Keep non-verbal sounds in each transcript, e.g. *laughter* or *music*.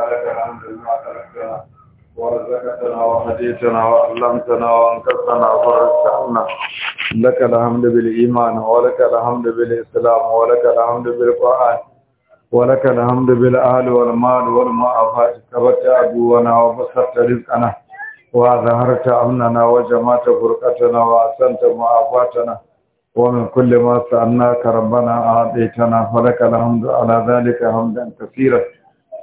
لك الحمد لما ورزقتنا وهديتنا وعلمتنا لك الحمد بالايمان ولك الحمد بالاسلام ولك الحمد بالقران ولك الحمد بالاهل والمال والمعافاه كبرت أبونا وبسطت رزقنا وأظهرت أمننا وجمعت فرقتنا وأحسنت معافاتنا ومن كل ما سألناك ربنا أعطيتنا ولك الحمد على ذلك حمدا كثيرا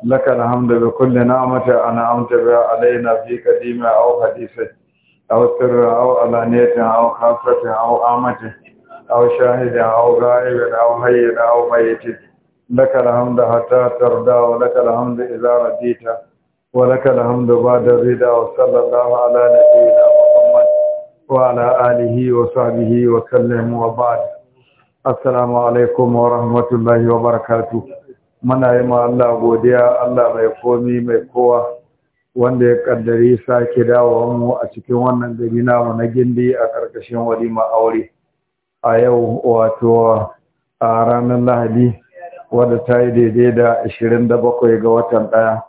لك الحمد بكل نعمة أنعمت بها علينا في قديمة أو حديثة أو سر أو علانية أو خاصة أو عامة أو شاهدة أو غائبة أو حي أو ميتة لك الحمد حتى ترضى ولك الحمد إذا رضيت ولك الحمد بعد الرضا وصلى الله على نبينا محمد وعلى آله وصحبه وسلم وبعد السلام عليكم ورحمة الله وبركاته muna yi ma Allah godiya Allah mai komi mai kowa wanda ya kaddari sake dawo mu a cikin wannan gari namu na gindi a karkashin walima aure a yau wato a ranar lahadi wadda ta yi daidai da 27 ga watan ɗaya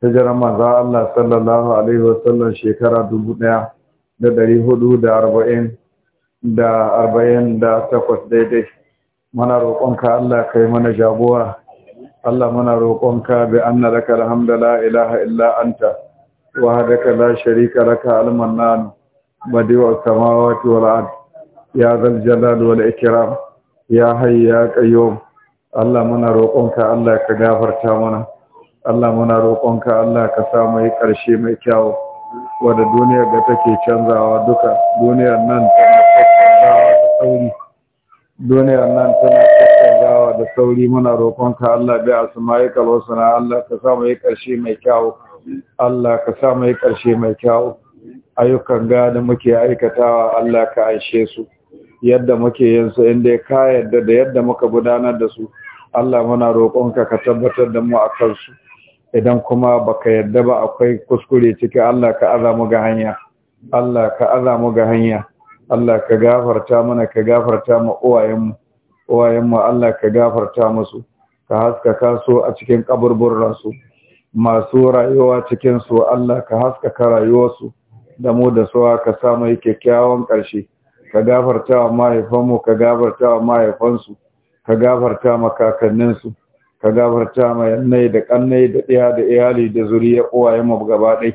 ta jiran maza Allah sallallahu alaihi wasallam shekara dubu ɗaya da dari hudu da arba'in da arba'in da takwas daidai mana roƙonka Allah kai mana jagora Allah muna roƙonka bi anna laka alhamdu la ilaha illa anta wahdaka la sharika laka al-mannan badi'u as-samawati wal ard ya zal jalal wal ikram ya hayy ya qayyum Allah muna roƙonka Allah ka gafarta mana Allah muna roƙonka Allah ka sa mu yi ƙarshe mai kyau wadda duniyar da take canzawa duka duniyar nan tana canzawa da tsauri duniyar nan tana gawa da sauri muna roƙonka Allah bai asma'ikal na. Allah ka sa yi ƙarshe mai kyau Allah ka sa yi ƙarshe mai kyau ayyukan ga muke aikatawa Allah ka aishe su yadda muke yin inda ka yadda da yadda muka gudanar da su Allah muna roƙonka ka tabbatar da mu a kansu idan kuma baka yadda ba akwai kuskure ciki Allah ka aza mu hanya Allah ka aza mu ga hanya Allah ka gafarta mana ka gafarta ma uwayenmu uwayenmu Allah ka gafarta musu ka haskaka su a cikin kaburburan su masu rayuwa cikin su Allah ka haskaka su, da mu da su ka sa mai kyakkyawan ƙarshe ka gafarta wa mahaifanmu ka gafarta wa mahaifansu ka gafarta ma kakanninsu ka gafarta ma yannai da kannai da ɗiya da iyali da zuriya uwayenmu gaba ɗaya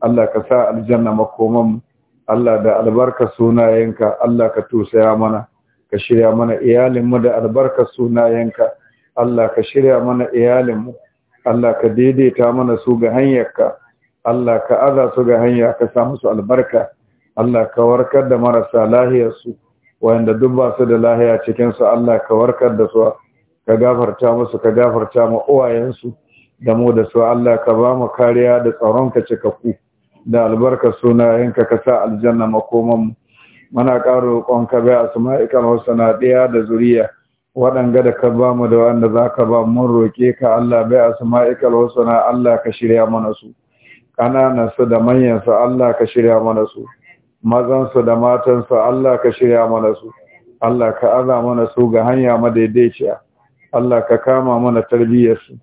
Allah ka sa aljanna makomanmu Allah da albarka sunayenka Allah ka tusaya mana ka shirya mana iyalinmu da albarka sunayenka Allah ka shirya mana iyalinmu Allah ka daidaita mana su ga hanyarka Allah ka aza su ga hanya ka sa musu albarka Allah ka warkar da marasa lahiyarsu wanda duk ba su da lahiya cikinsu Allah ka warkar da su ka gafarta musu ka gafarta ma uwayensu da mu da su Allah ka ba mu kariya da tsaron ka cikakku da albarka suna sunayenka ka sa aljanna makoman mu muna ƙara ka bai asma'ikal husna ɗaya da zuriya waɗanga da ka bamu da wanda za ka ba mun roƙe ka Allah bai a sama'ikal Allah ka shirya mana su su da manyan su Allah ka shirya mana su Mazan su da matan su Allah ka shirya mana su Allah ka aza mana su ga hanya madaidaiciya Allah ka kama mana tarbiyyar su.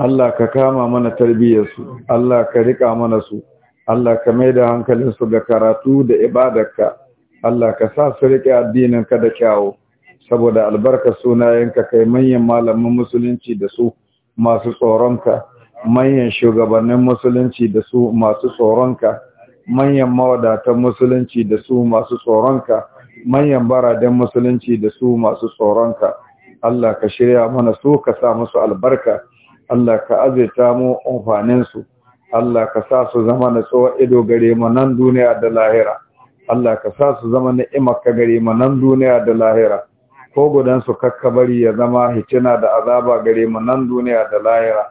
Allah ka kama mana tarbiyyarsu Allah ka rika mana su Allah ka mai da hankalinsu ga karatu da ibadarka Allah ka sa su rike ka da kyawu saboda albarka sunayenka kai manyan malaman musulunci da su masu tsoronka manyan shugabannin musulunci da su masu tsoronka manyan mawadatan musulunci da su masu tsoronka manyan baraden musulunci da su masu tsoronka Allah ka shirya mana su ka sa musu albarka Allah ka azirta mu amfaninsu Allah ka sa su zama na tsohon ido gare mu nan duniya da lahira Allah ka sa su zama na ka gare mu nan duniya da lahira ko gudansu kakkabari ya zama hicina da azaba gare mu nan duniya da lahira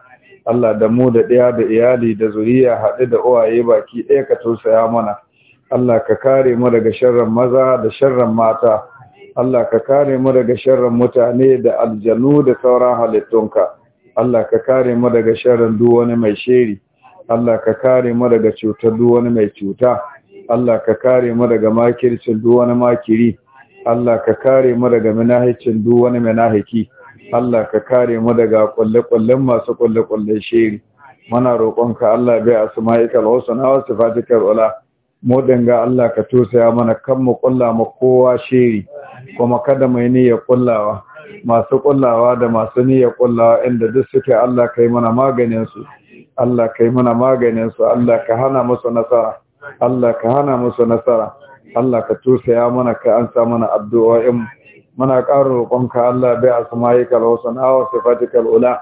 Allah da mu da ɗaya da iyali da zuriya haɗe da uwaye baki ɗaya ka tausaya mana Allah ka kare mu daga sharran maza da sharran mata Allah ka kare mu daga sharran mutane da aljanu da sauran halittunka Allah ka kare mu daga sharrin duk wani mai sheri Allah ka kare mu daga cutar duk wani mai cuta Allah ka kare mu daga makircin duk wani makiri Allah ka kare mu daga minahicin duk wani minahiki Allah ka kare mu daga kulle masu kulle sheri muna roƙonka Allah bai asma'ikal husna wa sifatikal ula mu danga Allah ka tosaya mana kan mu kulla kowa sheri. kuma kada mai niyyar kullawa masu kullawa da masu niyya kullawa inda duk suke Allah kai mana maganin su Allah kai mana maganin Allah ka hana musu nasara Allah ka hana musu nasara Allah ka tusaya mana ka ansa mana addu'o'in muna ƙara roƙonka Allah bai asma'ikal husna wa sifatikal ula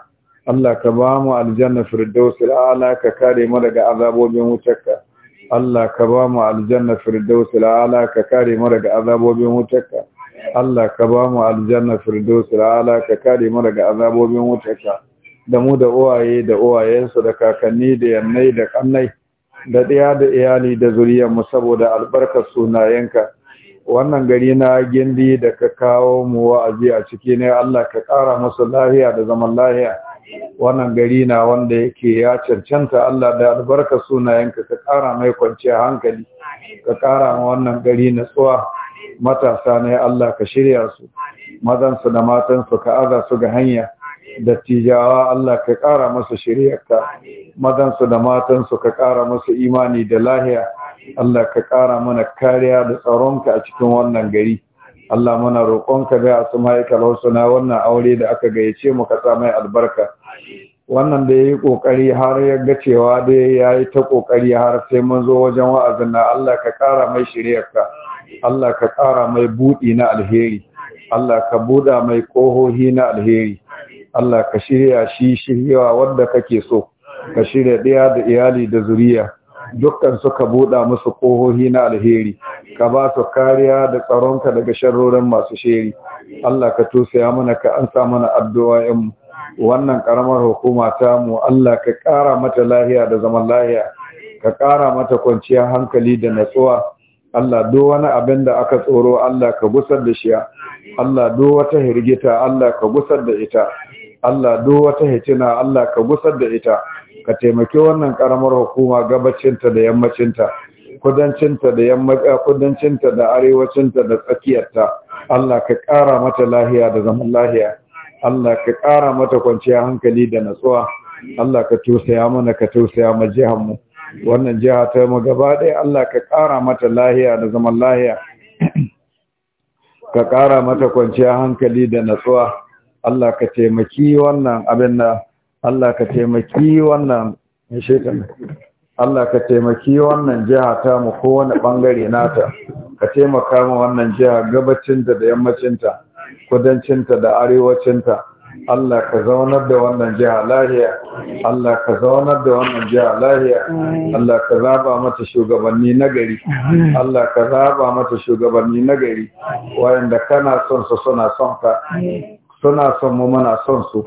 Allah ka ba mu aljanna firdausil a'la ka kare mu daga azabobin wutarka Allah ka ba mu aljanna firdausil a'la ka kare mu daga azabobin wutarka Allah ka ba mu aljanna firdausi ala ka kare mu daga azabobin wutarka da mu da uwaye da uwayensu da kakanni da yannai da kannai da ɗaya da iyali da zuriyarmu saboda albarkar sunayenka wannan gari na gindi da ka kawo mu wa'azi a ciki ne Allah ka ƙara musu lahiya da zaman lahiya wannan gari na wanda yake ya cancanta Allah da albarkar sunayenka ka ƙara mai kwanciyar hankali ka ƙara ma wannan gari natsuwa matasa ne Allah ka shirya su mazansu da matansu ka aza su ga hanya dattijawa Allah ka ƙara masu shiryarka mazansu da matansu ka ƙara masu imani da lahiya Allah ka ƙara mana kariya da tsaronka a cikin wannan gari Allah mana roƙonka bai a sumayikal na wannan aure da aka gayyace mu ka sa mai albarka wannan da yayi kokari har ya ga cewa dai yayi ta kokari har sai mun zo wajen wa'azin na Allah ka ƙara mai shiryarka Allah ka ƙara mai buɗi na alheri Allah ka buɗa mai ƙohohi na alheri Allah ka shirya shi shiryawa wanda kake so ka shirya ɗaya da iyali da zuriya dukkan suka buɗa musu ƙohohi na alheri ka ba su kariya da tsaronka daga sharrorin masu sheri Allah ka tusaya mana ka ansa mana addu'a 'yanmu. wannan ƙaramar hukuma ta mu Allah ka ƙara mata lahiya da zaman lahiya ka ƙara mata kwanciyar hankali da natsuwa Allah do wani abin da aka tsoro Allah ka gusar da shi Allah do wata hirgita Allah ka gusar da ita Allah do wata hitina Allah ka gusar da ita ka taimaki wannan karamar hukuma gabacinta da yammacinta kudancinta da yammaci eh, kudancinta da arewacinta da tsakiyarta Allah ka kara mata lahiya da zaman lahiya Allah ka ƙara mata kwanciyar hankali da natsuwa Allah ka tausaya mana ka tausaya ma jihar mu wannan jiha ta mu gaba ɗaya Allah ka ƙara mata lahiya da zaman lahiya ka ƙara mata kwanciyar hankali da natsuwa Allah ka taimaki wannan abin da Allah ka taimaki wannan Allah ka taimaki wannan jiha ta mu kowane ɓangare nata ka taimaka mu wannan jiha gabacinta da yammacinta kudancinta da arewacinta Allah ka zaunar da wannan jiha lahiya Allah ka zaunar da wannan jiha lahiya Allah ka zaba mata shugabanni nagari Allah ka zaba mata shugabanni nagari wayanda kana son su suna son ka suna son mu mana son su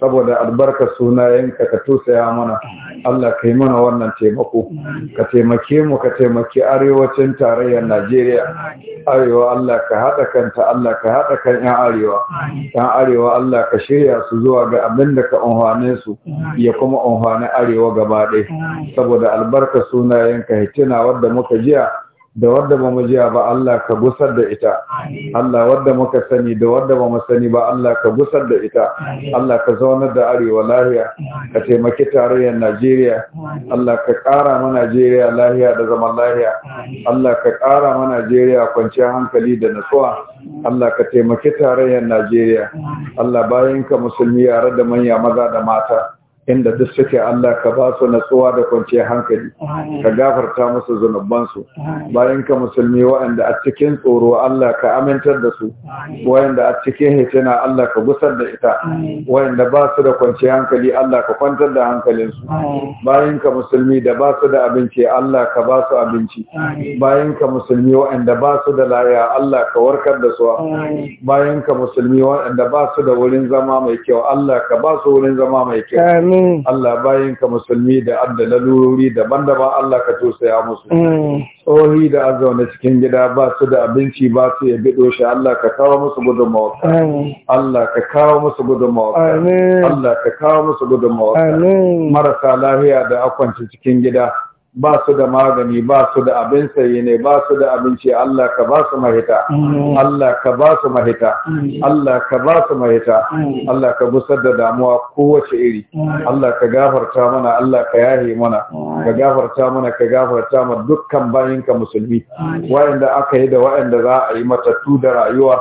saboda albarkar sunayenka ka tusaya mana Allah ka yi mana wannan taimako ka taimake mu ka taimaki arewacin tarayyar Najeriya arewa Allah ka haɗa kanta Allah ka haɗa kan yan arewa yan arewa Allah ka shirya su zuwa ga abin da ka unhane su ya kuma unhane arewa gaba ɗaya saboda albarkar sunayenka hitina wadda muka jiya da wadda ba mu jiya ba Allah ka gusar da ita Allah wadda muka sani da wadda ba mu sani ba Allah ka gusar da ita Allah ka zaunar da arewa lahiya ka taimaki tarayyar Najeriya Allah ka ƙara ma Najeriya lahiya da zaman lahiya Allah ka ƙara ma Najeriya kwanciyar hankali da nutsuwa Allah ka taimaki tarayyar Najeriya Allah bayan ka musulmi yare da manya maza da mata inda duk suke Allah ka ba su natsuwa da kwanciyar hankali ka gafarta musu zunubansu bayan ka musulmi waɗanda a cikin tsoro Allah ka amintar da su waɗanda a cikin hitina Allah ka gusar da ita waɗanda ba su da kwanciyar hankali Allah ka kwantar da hankalinsu bayan ka musulmi da ba su da abinci Allah ka ba su abinci bayan ka musulmi waɗanda ba su da laya Allah ka warkar da su bayan ka musulmi waɗanda ba su da wurin zama mai kyau Allah ka ba su wurin zama mai kyau Mm. Allah bayin ka musulmi da adda lalurori daban-daban Allah ka tosaya musu mm. tsohi da azauna cikin gida ba su da abinci ba su ya bido shi Allah ka kawo musu gudun mawaka Allah ka kawo musu gudun mawaka Allah ka kawo musu gudun mawaka marasa lafiya da akwanci cikin gida ba su da magani ba su da abin saye ne ba su da abinci Allah ka ba su mahita Allah ka ba su mahita Allah ka ba su mahita Allah ka busar da damuwa kowace iri Allah ka gafarta mana Allah ka yahe mana ka gafarta mana ka gafarta mana dukkan bayinka musulmi Wayanda aka yi da wayanda za a yi matattu da rayuwa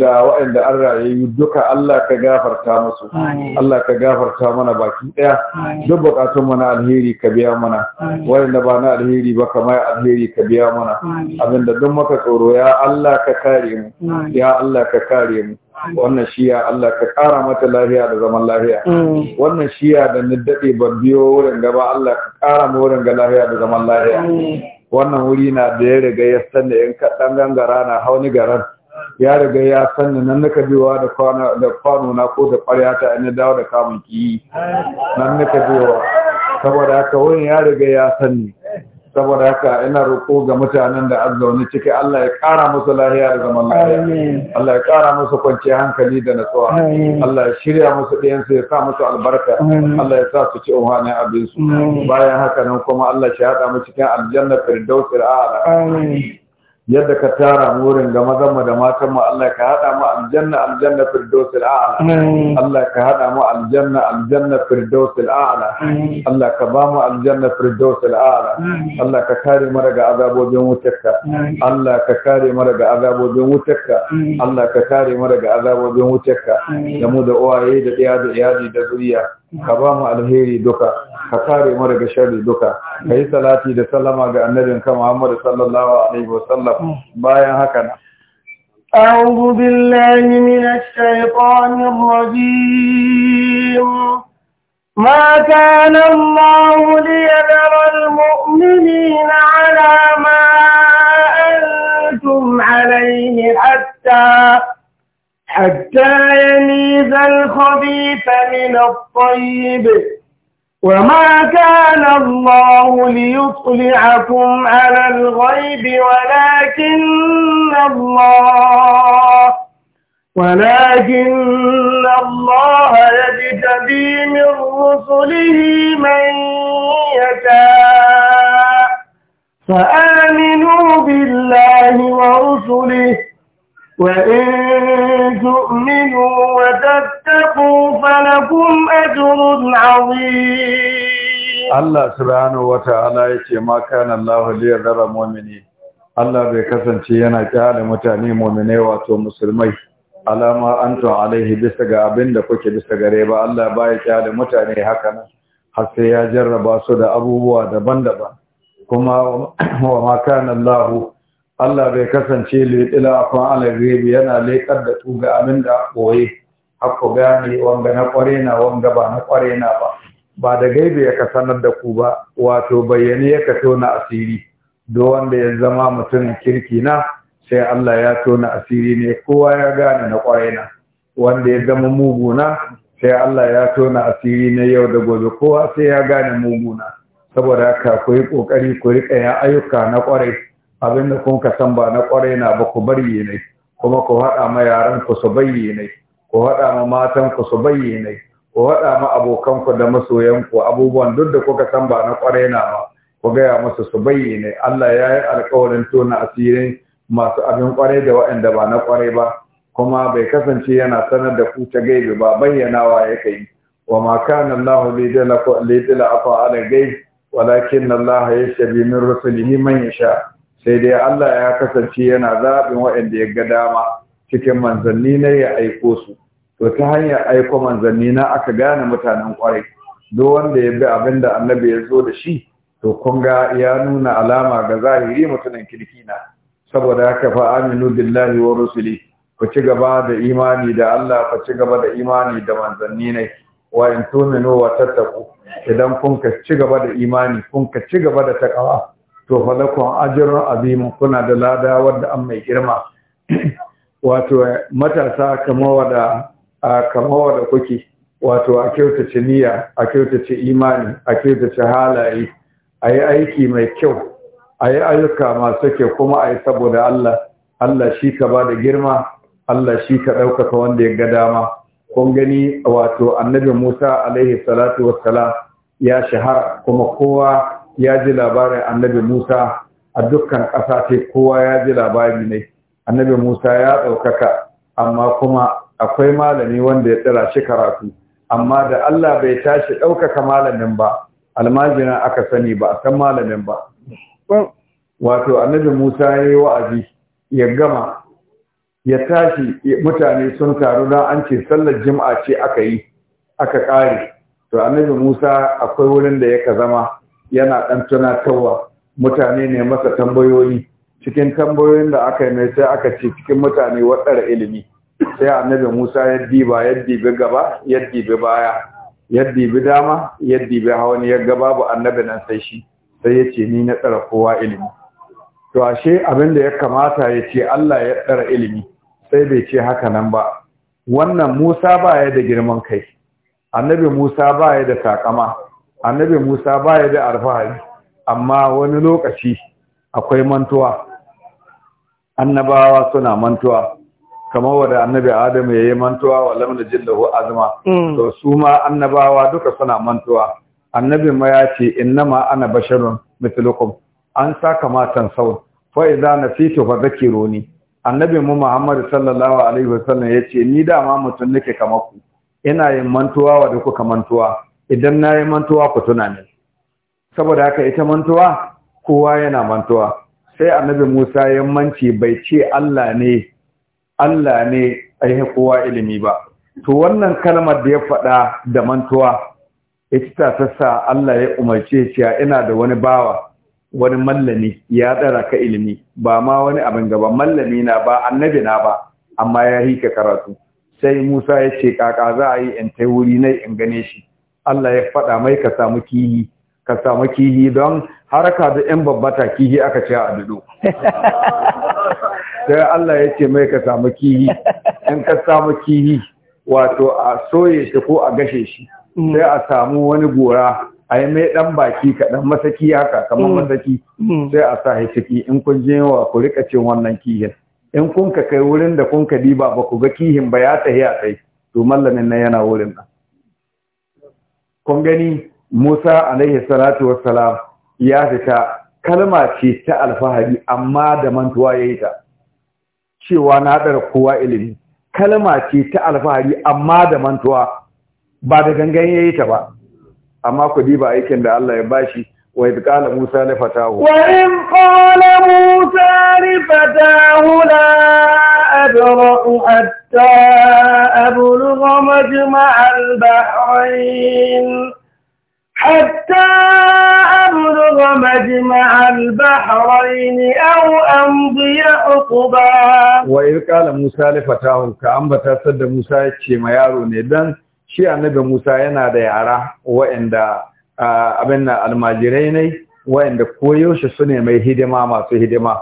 da wa'anda an rayu duka Allah ka gafarta musu Allah ka gafarta mana baki daya duk bukatun mana alheri ka biya mana da ba na alheri ba ya alheri ka biya mana abinda duk maka tsoro ya Allah ka kare mu ya Allah ka kare mu wannan shiya Allah ka kara mata lafiya da zaman lafiya wannan shiya da ni dade ban biyo wurin gaba Allah ka kara mu wurin ga lafiya da zaman lafiya wannan wuri na da ya riga ya san da in ka dan gangara na hauni garan ya riga ya san da nan naka biwa da kwano da kwano na ko da ƙarya ta in dawo da kamun ki nan naka biwa saboda haka wurin ya riga ya sanni saboda haka ina roƙo ga mutanen da zaune ciki Allah ya kara musu lahiya da zaman lafiya Allah ya kara musu kwanciyar hankali da natsuwa Allah ya shirya musu ɗayansu ya sa musu albarka Allah ya sa su ci abin su bayan haka nan kuma Allah ya haɗa mu cikin aljanna firdaus amin yadda ka tara wurin ga mazan mu da matan mu Allah ka hada mu aljanna aljanna firdausil a'la Allah ka hada mu aljanna aljanna firdausil a'la Allah ka ba mu aljanna firdausil a'la Allah ka kare mu daga azabobin wutarka Allah ka kare mu daga azabobin wutarka Allah ka kare mu daga azabobin wutarka da mu da uwaye da ɗaya da iyali da zuriya ka ba mu alheri duka خطاري مرق شهر الدكا هي صلاتي دي سلامة أنجن كمحمد صلى الله عليه وسلم بايا هكنا أعوذ بالله من الشيطان الرجيم ما كان الله ليذر المؤمنين على ما أنتم عليه حتى حتى يميز الخبيث من الطيب وما كان الله ليطلعكم على الغيب ولكن الله ولكن الله يجتبي من رسله من يشاء فآمنوا بالله ورسله وإن تؤمنوا وتتقوا فلكم أجر عظيم الله سبحانه وتعالى ما كان الله ليذر المؤمنين Allah bai kasance yana kyale mutane mu'minai wato musulmai alama antum alaihi bisa ga abin da kuke bisa gare ba Allah baya kyale mutane haka nan har sai ya jarraba su da abubuwa daban-daban kuma wa ma kana Allahu Allah bai kasance litsila akan yana lekar da tuga amin da ɓoye, haka gane wanga na ƙware na wanga ba na ƙware na ba ba da gaibe ya kasanar da ku ba wato bayyane ya ka tona asiri do wanda ya zama mutumin kirki na sai Allah ya tona asiri ne kowa ya gane na ƙware na wanda ya zama muguna sai Allah ya tona asiri na yau da gobe kowa sai ya gane muguna saboda haka ku yi ƙoƙari ku riƙa ya ayyuka na kwarai da kun ka san ba na kwarai na ba ku bari ne kuma ku haɗa ma yaran ku su ne, ku haɗa ma matan ku su ne, ku haɗa ma abokan ku da masoyan ku abubuwan duk da kuka san ba na kwarai na ba ku gaya musu su ne. Allah ya yi alkawarin tona asirin masu abin kwarai da waɗanda ba na kwarai ba kuma bai kasance yana sanar da ku ta gaibe ba bayyanawa ya kai wa ma kana Allah lidila afa ala gaib walakin Allah yashbi min rusulihi man yasha sai dai Allah ya kasance yana zaɓin waɗanda ya ga dama cikin manzanni na ya aiko su to ta hanyar aiko manzanni na aka gane mutanen kwarai duk wanda ya bi abin da annabi ya zo da shi to kun ga ya nuna alama ga zahiri mutumin kirki na saboda haka fa aminu billahi wa rusuli ku ci gaba da imani da Allah ku ci gaba da imani da manzanni ne wa in tuminu wa tattaku, idan kun ka ci gaba da imani kun ka ci gaba da takawa to falakon ajirun azimin kuna da lada wadda an mai girma wato matasa kama wada kuke wato a kyautace niyya a kyautace imani a kyautace halaye a yi aiki mai kyau a yi ayyuka masu kyau kuma a saboda Allah Allah shi ka ba da girma Allah shi ka ɗaukaka wanda ya ga dama kun gani wato annabi Musa alaihi salatu wassalam ya shahara kuma kowa ya ji labarin annabi Musa a dukkan ƙasa ce kowa ya ji labari ne annabi Musa ya ɗaukaka amma kuma akwai malami wanda ya tsira shi karatu amma da Allah bai tashi ɗaukaka malamin ba almajina aka sani ba a san malamin ba wato annabi Musa ya yi wa'azi ya gama ya tashi mutane sun taru don an ce sallar jima'a ce aka yi aka ƙare to annabi Musa akwai wurin da yaka zama yana ɗan tunatarwa mutane ne masa tambayoyi cikin tambayoyin da aka yi mai sai aka ce cikin mutane waɗanda ilimi sai annabi musa ya diba ya dibi gaba ya dibi baya ya dibi dama ya dibi ne ya gaba babu annabi nan sai shi sai ya ce ni na tsara kowa ilimi to ashe abin da ya kamata ya ce allah ya tsara ilimi sai bai ce haka nan ba wannan musa baya da girman kai annabi musa ba ya da takama annabi Musa baya da arfahari. amma wani lokaci akwai mantuwa annabawa suna mantuwa kamar wanda annabi Adamu yi mantuwa wa lam najillahu azma mm. to su ma annabawa duka suna mantuwa annabi ma ya ce innama ana basharun mithlukum an saka matan sau Fa'iza idza nasitu fa zakiruni annabi mu Muhammadu sallallahu alaihi wasallam ce, ni dama mutum nake kamar ku ina yin mantuwa wa duka mantuwa idan na yi mantuwa ku tuna ne saboda haka ita mantuwa kowa yana mantuwa sai annabi Musa ya manci bai ce Allah ne Allah ne ai kowa ilimi ba to wannan kalmar da ya faɗa da mantuwa ita ta sa Allah ya umarce shi ina da wani bawa wani mallami ya tsara ka ilimi ba ma wani abin gaba mallami na ba annabi na ba amma ya hika karatu sai Musa ya ce kaka za a yi in tai wuri nai in gane shi Allah ya faɗa mai ka samu kihi ka samu kihi don haraka da ‘yan babbata kihi aka ce a dudu. *laughs* Sai Allah ya ce mai ka samu kihi, in ka samu kihi wato a soye shi ko a gashe shi, mm. sai a samu wani gora a yi mai ɗan baki kaɗan masaki haka kamar mm. masaki mm. sai a sa ya ciki in kun je wa ku rika cin wannan kihin. In kun ka kai wurin da kun ka diba ba ku ga kihin ba ya tahi a kai, to mallamin nan yana wurin nan. kun gani Musa alaihi salatu wassalam ya fita kalma ce ta alfahari amma da mantuwa ya yi ta cewa na ɗara kowa ilimi kalma ce ta alfahari amma da mantuwa ba da gangan ya yi ta ba amma ku diba aikin da Allah ya bashi wa idh qala Musa na fatahu wa in qala Musa li fatahu la adra'u حتى أبلغ مجمع البحرين حتى أبلغ مجمع البحرين أو أمضي حقبا وإذ قال موسى لفتاه كأنبتا سد موسى يتشيما يارو ندن shi annabi Musa yana da yara waɗanda abin na almajirai ne waɗanda koyaushe su ne mai hidima masu hidima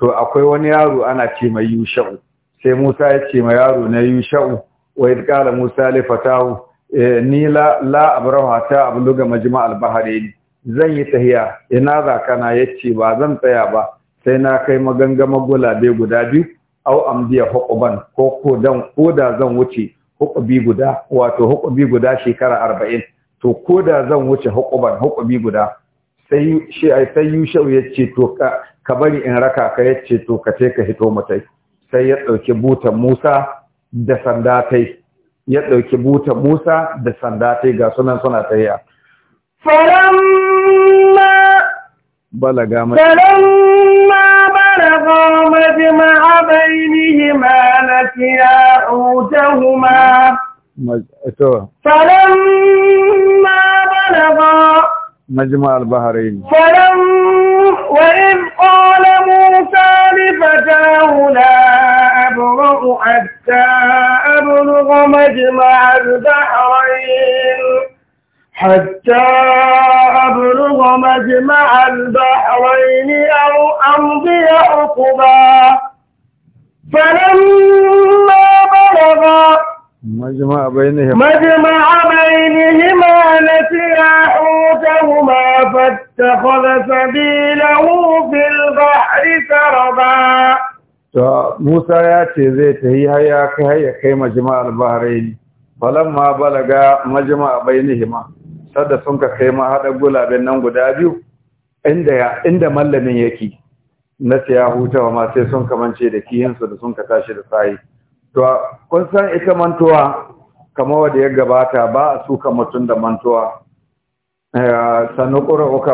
to akwai wani yaro ana ce mai yushau sai Musa ya ce ma yaro na Yusha'u wa ya ƙara Musa li fatahu eh, ni la la abrahu abu abluga majma' albahare ni. zan yi tahiya ina za kana ce? ba zan tsaya ba sai na kai magangama gulabe guda biyu au amdiya hukuban ko ko dan ko da zan wuce hukubi guda wato hukubi guda shekara arba'in to ko da zan wuce hukuban hukubi guda sai shi ai sai yushau yace to ka bari in raka ka yace to ka ce ka hito mutai sai ya ɗauki butan Musa da sanda tai ya ɗauki butan Musa da sanda tai ga sunan suna tayya falamma balaga mai falamma balaga majma bainihima nasiya utahuma to falamma balaga majma al-bahrain falam wa in qala Musa لفتاه لا أبرأ حتى أبلغ مجمع البحرين حتى أبلغ مجمع البحرين أو أمضي حقبا فلما بلغ مجمع بينهما مجمع بينهما نسيا حوتهما فاتقا اتخذ سبيله في البحر سربا موسى ياتي زي تهي هيا كهيا كيما جماع البحرين فلما بلغ مجمع بينهما sada sun ka kai ma haɗa gulaben nan guda biyu inda inda mallamin yake na hutawa ma sai sun kamance da kiyansu da sun ka tashi da sayi to kun san ita mantuwa kamar wanda ya gabata ba a suka mutum da mantuwa sanukura uka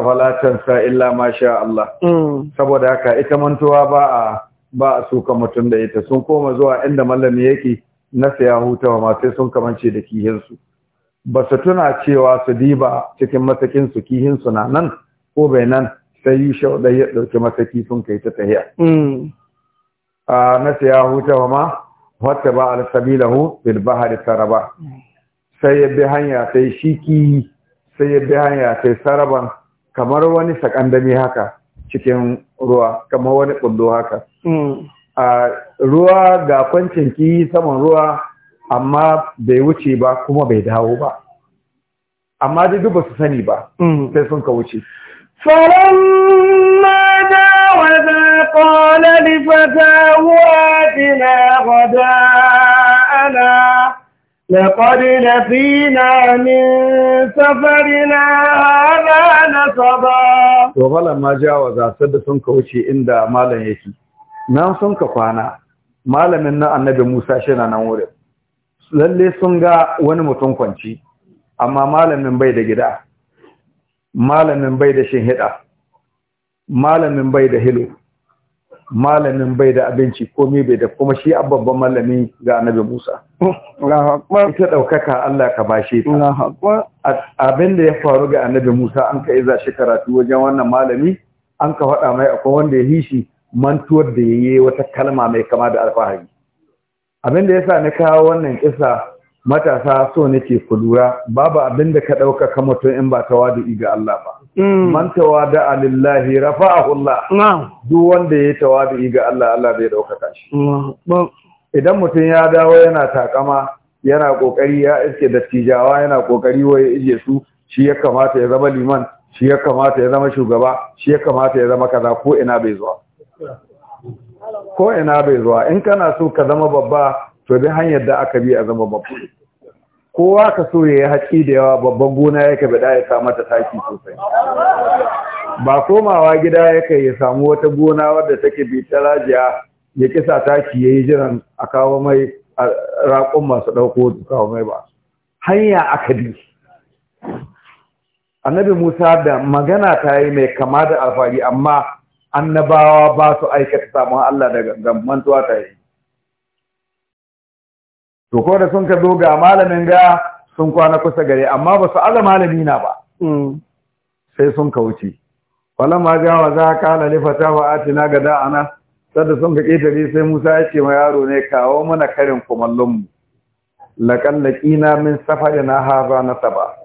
sa illa masha Allah mm. saboda haka ita mantuwa ba a ba a suka mutum da ita sun koma zuwa inda mallami yake na saya hutawa ma sai sun kamance da kihinsu ba su tuna cewa su diba cikin masakin su kihinsu na nan ko bai nan sai yi shau ya ɗauki masaki sun kai ta tahiya mm. na saya hutawa ma wata ba al-sabilahu bil bahari taraba mm. sai ya bi hanya sai shi kihi sai ya bi hanya sai saraban kamar wani sakandami haka cikin ruwa kamar wani kundo haka hmm. a ruwa ga kwancin ki saman ruwa amma bai wuce ba kuma bai dawo ba amma duk ba su sani ba hmm. sai sun ka wuce فلما جاوزا قال لفتاه آتنا غداءنا لقد لقينا من سفرنا هذا نصبا da جاوزا سد سنك وشي عند مالن يكي nan sun ka kwana malamin na annabi Musa shina nan wurin lalle sun ga wani mutum kwanci amma malamin bai da gida malamin bai da shinhida malamin bai da hilo malamin bai da abinci komai bai da kuma shi babban malami ga annabi Musa. Ita ɗaukaka Allah ka bashe ta. Abin da ya faru ga annabi Musa an ka iza shi karatu wajen wannan malami an ka faɗa mai akwai wanda ya hishi mantuwar da ya yi wata kalma mai kama da alfahari. Abin da ya sa na kawo wannan kisa matasa so nake ku lura babu abin da ka ɗauka ka mutum in ba tawadu'i ga Allah ba mm. man tawada lillahi rafa'ahu Allah duk wanda ya tawadu'i ga Allah Allah zai ɗaukaka shi idan mutum ya dawo yana takama yana kokari ya iske dattijawa yana kokari wa ya ije su shi ya kamata ya zama liman shi ya kamata ya zama shugaba shi ya kamata ya zama kaza ko ina bai zuwa ko ina bai zuwa in kana so ka zama babba to bi hanyar da aka bi a zama babban kowa ka so ya yi haƙi da yawa babban gona yake bada ya samu ta taki sosai ba komawa gida yake ya samu wata gona wadda take bi ta rajiya ya kisa taki ya yi jiran a kawo mai raƙon masu ɗauko su kawo mai ba hanya aka bi annabi musa da magana ta yi mai kama da alfahari amma annabawa ba su aikata samun allah daga gammantuwa ta yi to ko da sun ka zo ga malamin ga sun kwana kusa gare amma ba su ala malami na ba mm. sai sun ka wuce ga jawa za ka ala li wa atina da ana sadda sun ka ketare sai Musa ya ce ma yaro ne kawo mana karin kumallon mu na min safari na haza na saba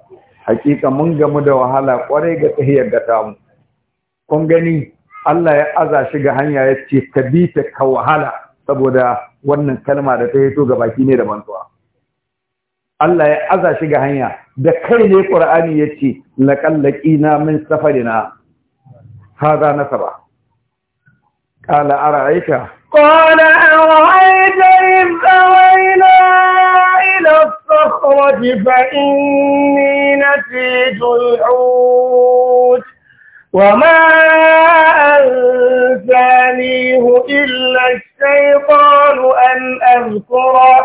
hakika mun gamu da wahala ƙwarai ga tsahiyar da tamu kun gani Allah ya aza shi ga hanya ya ce ka bi ta ka wahala saboda wannan kalma da ta hito ga baki ne da mantuwa Allah ya aza shi ga hanya da kai ne ce, yace na min safari na safarina Ƙala a ra'aika? Ƙala a ra'aika in awayna ila as-sakhrati ni na nasitu وما أنسانيه إلا الشيطان أن أذكره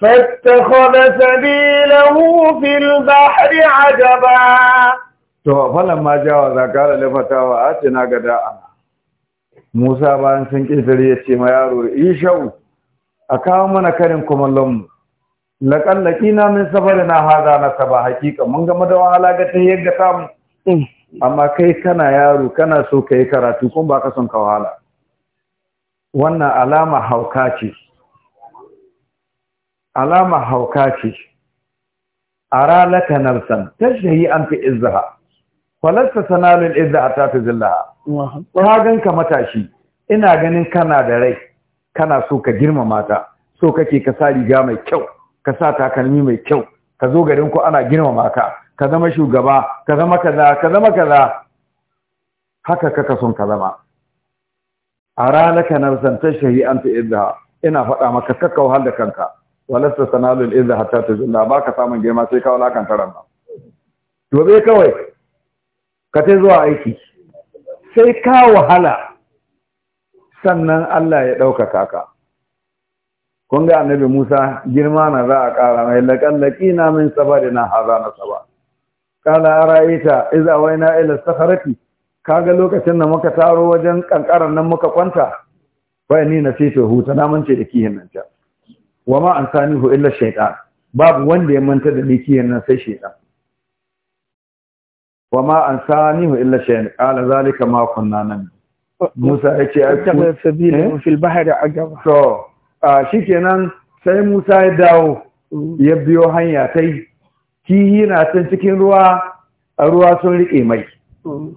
فاتخذ سبيله في البحر عجبا تو فلما جاء قال لفتاوى آتنا قداء موسى بان سنكي فريتي ما يارو إيشو أكاو من أكرمكم اللهم لقال لكينا من سفرنا هذا نصبا حقيقة منغم دوان علاقة تهيك دقام amma kai kana yaro kana so ka yi karatu kuma ba ka son ka wahala wannan alama hauka ce alama hauka ce a ranaka narsan shahi an fi izaha. falasta sanalin izza ta fi zillaha ganka matashi ina ganin kana da rai kana so ka girma mata so kake ka sa riga mai kyau ka sa takalmi mai kyau ka zo garin ku ana girma maka. ka zama shugaba ka zama kaza ka zama kaza haka kaka son ka zama a ranaka na zantar fi idda ina faɗa maka kakka wahal da kanka walasta sanalul ta hatta tuzilla ba ka samun girma sai kawo lakan kan taran nan dobe kawai ka ta zuwa aiki sai ka wahala sannan Allah ya ɗaukaka ka kun ga annabi Musa girma na za a ƙara mai laƙallaƙi na min saba da na haza na saba kana ara'aita iza waina ila sakharati kaga lokacin da muka taro wajen kankaran nan muka kwanta bai ni nasito huta na mance da kiyin nan ta wa ma ansanihu illa shaytan babu wanda ya manta da ni kihin nan sai shaytan wa ma ansanihu illa shaytan qala zalika ma kunna nan Musa ya ce a akan sabili fil bahri ajaba to shikenan sai Musa ya dawo ya biyo hanya tai kihi na can cikin ruwa a ruwa sun riƙe mai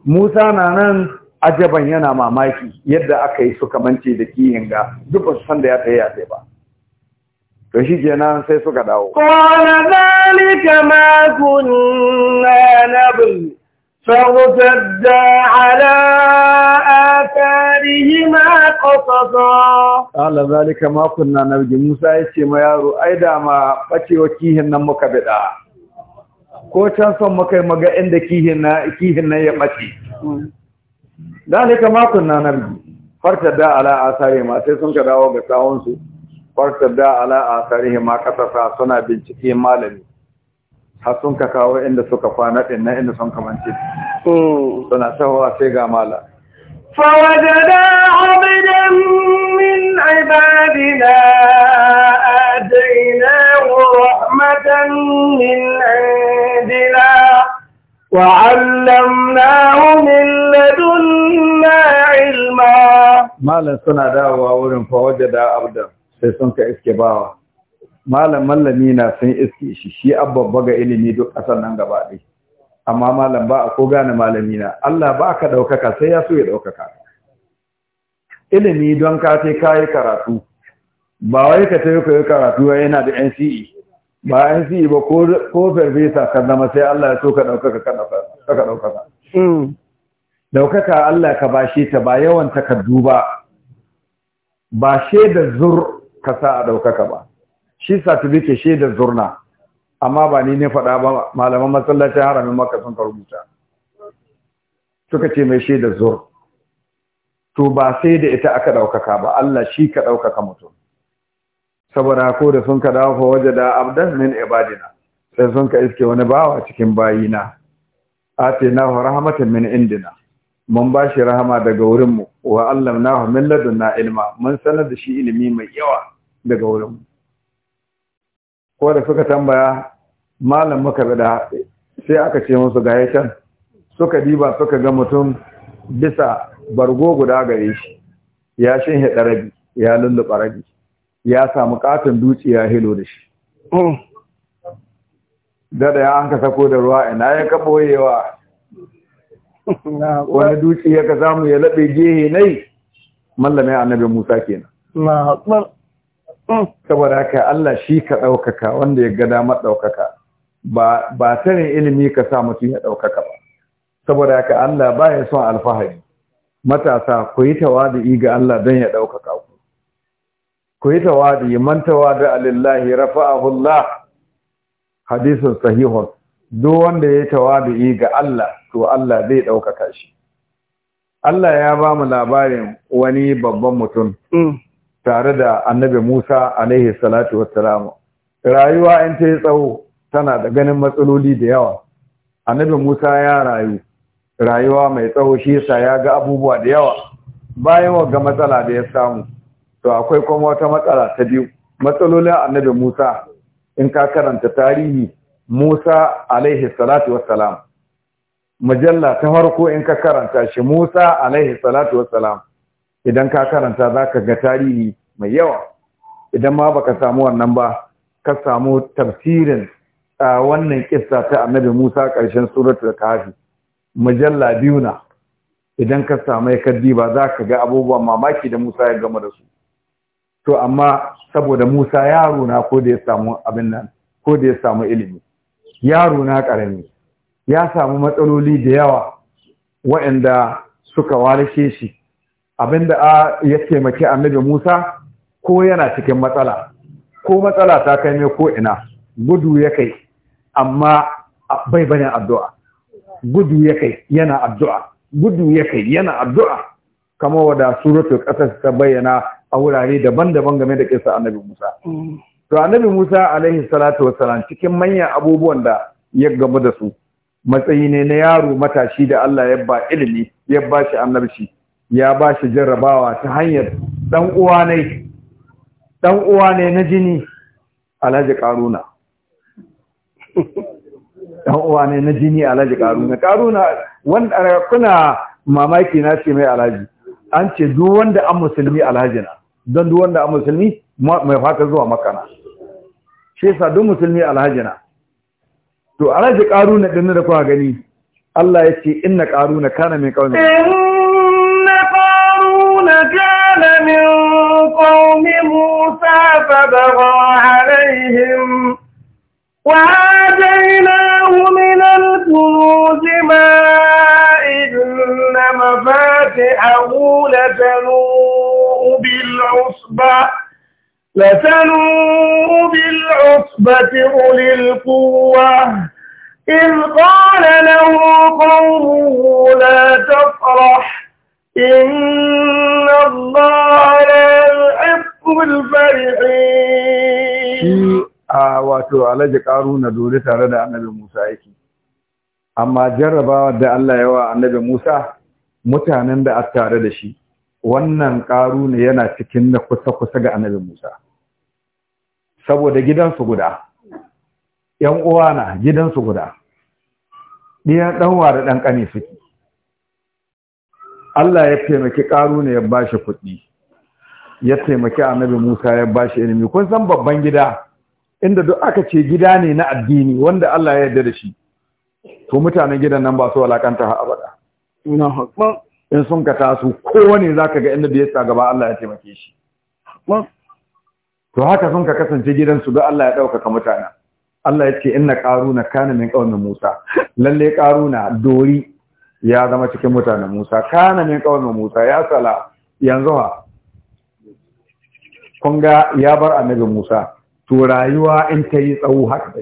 musa na nan ajaban yana mamaki yadda aka yi suka mance da kihin ga duk ba su san da ya tsaye ya ba to shi kenan sai suka dawo qala zalika ma kunna nabi fawtadda ala ma qasasa ala zalika ma kunna nabi Musa yace ma yaro ai da ma bacewa kihin nan muka bida ko can son makai maga inda kihin na kihin na ya bace dalika makon na nabi farta da ala tsari ma sai sun ka dawo ga tsawonsu. su farta da ala tsari ma ƙasasa suna bincike malami har sun ka kawo inda suka kwana din na inda sun kamance hmm. suna tawa sai ga mala fawajada abdan min ibadina رحمة من عندنا وعلمناه من لدنا علما مالا سنة دعوة sai sun أبدا iske bawa. malam mallami na sun iske shi shi abba ga ilimi duk ƙasar nan gaba ɗaya amma malam ba a ko gane malami na Allah ba ka ɗaukaka sai ya so ya ɗaukaka ilimi don ka ce ka karatu ba wai ka tafi ka yi karatu yana da NCE ba an fi ba ko farfesa kan zama sai Allah ya so ka ɗaukaka ka ɗaukaka. Mm. Ɗaukaka Allah ka bashi ta ba yawan takardu ba, ba shaida zur ka sa a ɗaukaka ba. Shi satifike shaida zurna, amma ba ni ne faɗa ba malaman masallacin haramin maka sun rubuta. Suka ce mai shaida zur. To ba sai da ita aka ɗaukaka ba, Allah shi ka ɗaukaka mutum. saboda ko da sun ka dawo fa da abdan min ibadina sai sun ka iske wani bawa cikin bayina atainahu rahmatan min indina mun bashi rahama daga wurin mu wa allamnahu min ladunna ilma mun sanar da shi ilimi mai yawa daga wurin mu ko da suka tambaya malam muka bada sai aka ce musu ga can suka diba suka ga mutum bisa bargo guda gare shi ya shin rabi ya lulluɓa rabi ya samu katon dutsiya hilo da shi oh. dada ya an ka sako da ruwa ina ya ka boyewa *laughs* wani dutse ya ka samu ya laɓe gehe nai mallame annabi musa kenan mm. saboda haka Allah shi ka ɗaukaka wanda ya ga damar ɗaukaka ba sanin ilimi ka sa mutum ya ɗaukaka ba saboda haka Allah ba ya son alfahari matasa ku yi tawadi ga Allah don ya ɗaukaka ku ku yi tawadi man tawada lillahi rafa'ahu Allah hadisun sahihun duk wanda ya yi tawadi ga Allah to Allah zai ɗaukaka shi Allah ya ba mu labarin wani babban mutum mm. tare da annabi Musa alaihi salatu wassalamu rayuwa in ta yi tsawo tana da ganin matsaloli da yawa annabi Musa ya rayu rayuwa mai tsawo shi yasa ya ga abubuwa da yawa bayan ga matsala da ya samu to akwai kuma wata matsala ta biyu matsalolin annabi Musa in ka karanta tarihi Musa alaihi salatu wassalam mujalla ta farko in ka karanta shi Musa alaihi salatu wassalam idan ka karanta za ka ga tarihi mai yawa idan ma baka samu wannan ba ka samu tafsirin a wannan kissa ta annabi Musa ƙarshen suratul kahfi mujalla biyu na idan ka samu ya kaddi ba za ka ga abubuwan mamaki da Musa ya gama da su to amma saboda Musa yaro na ko da ya samu abin nan ko da ya samu ilimi yaro na karami ya samu matsaloli da yawa waɗanda suka walishe shi abinda ya taimaki annabi Musa ko yana cikin matsala ko matsala ta kai ne ko ina gudu ya kai amma bai bane addu'a gudu ya kai yana addu'a gudu ya kai yana addu'a Kamar wada suratul qasas ta bayyana a wurare daban-daban game da kisa annabi Musa to annabi Musa alaihi salatu wassalam cikin manyan abubuwan da ya gamu da su matsayi ne na yaro matashi da Allah ya ba ilimi ya ba shi annabci ya ba shi jarrabawa ta hanyar dan uwa ne dan uwa ne na jini Alhaji Karuna dan *laughs* uwa ne na jini Alhaji Karuna Karuna wanda kuna mamaki na ce mai Alhaji an ce duk wanda an musulmi alhajina don duk wanda an musulmi mai fata zuwa makana shi yasa duk musulmi alhajina to alhaji karuna din da kuka gani Allah ya ce inna karuna kana min qaumi inna karuna kana min qaumi Musa fa bagha alaihim wa adainahu min أنه لتنوء بالعصبة لتنوء بالعصبة أولي القوة إذ قال له قومه لا تفرح إن الله لا يحب الفرحين wato alhaji karuna dole tare da annabi musa yake amma jarrabawa da allah yawa annabi musa mutanen da a tare da shi wannan ƙaru ne yana cikin na kusa-kusa ga annabi Musa saboda gidansu guda ‘yan uwa na gidansu guda ɗiyan ɗanwa da ɗan ƙane suke Allah ya taimaki ƙaru ne ya ba shi kuɗi ya taimaki annabi Musa ya ba shi ilimi kun san babban gida inda duk aka ce gida ne na addini wanda Allah ya yarda da shi to mutanen gidan nan ba su walakanta abada in sun ka taso kowane za ka ga inda da ya sa gaba Allah ya taimake shi to haka sun ka kasance gidansu ga Allah ya ɗaukaka mutane Allah ya ce inna ƙaruna kana min ƙaunar Musa lalle ƙaruna dori ya zama cikin mutanen Musa kana min ƙaunar Musa ya sala yanzu ha kun ga ya bar annabi Musa to rayuwa in ta yi tsawo haka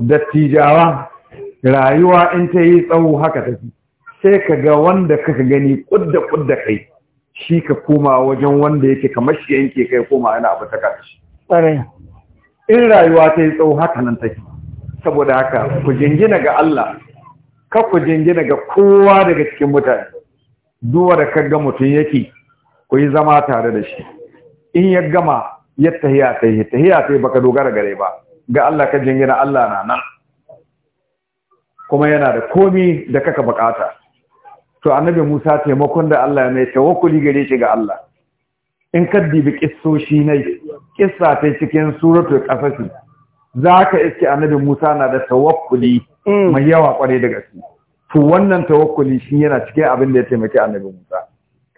dattijawa rayuwa in ta yi tsawo haka ta fi sai ka ga wanda kaka gani kudda kudda kai shi ka koma wajen wanda yake kamar shi yanke kai koma yana abu ta kashi in rayuwa ta yi tsawo haka nan ta fi. saboda haka ku jingina ga Allah ka ku jingina ga kowa daga cikin mutane duwa da ka ga mutum yake ku yi zama tare da shi in ya gama ya tahiya sai tahiya yi baka dogara gare ba ga Allah ka jingina Allah na nan kuma yana da komi da kaka bukata to annabi Musa taimakon da Allah ya mai tawakkuli gare shi ga Allah in ka dibi kissoshi ne kissa ta cikin suratul qasas zaka iske annabi Musa na da tawakkuli mm. mai yawa kware daga gaske to wannan tawakkuli shi yana cikin abin da ya taimaki annabi Musa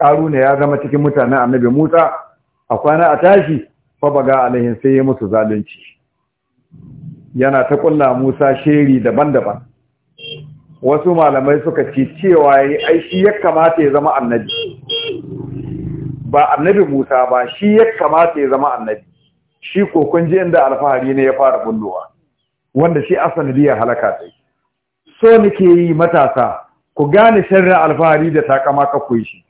Karu ne ya zama cikin mutane annabi Musa a kwana a tashi fa baga alaihi sai ya musu zalunci yana ta kulla Musa sheri daban-daban wasu malamai suka ce cewa yi ai shi ya kamata ya zama annabi ba annabi Musa ba shi ya kamata ya zama annabi shi ko ji inda alfahari ne ya fara bullowa wanda shi asanidiyar halaka sai so nake yi matasa ku gane sharrin alfahari da takama ka yi shi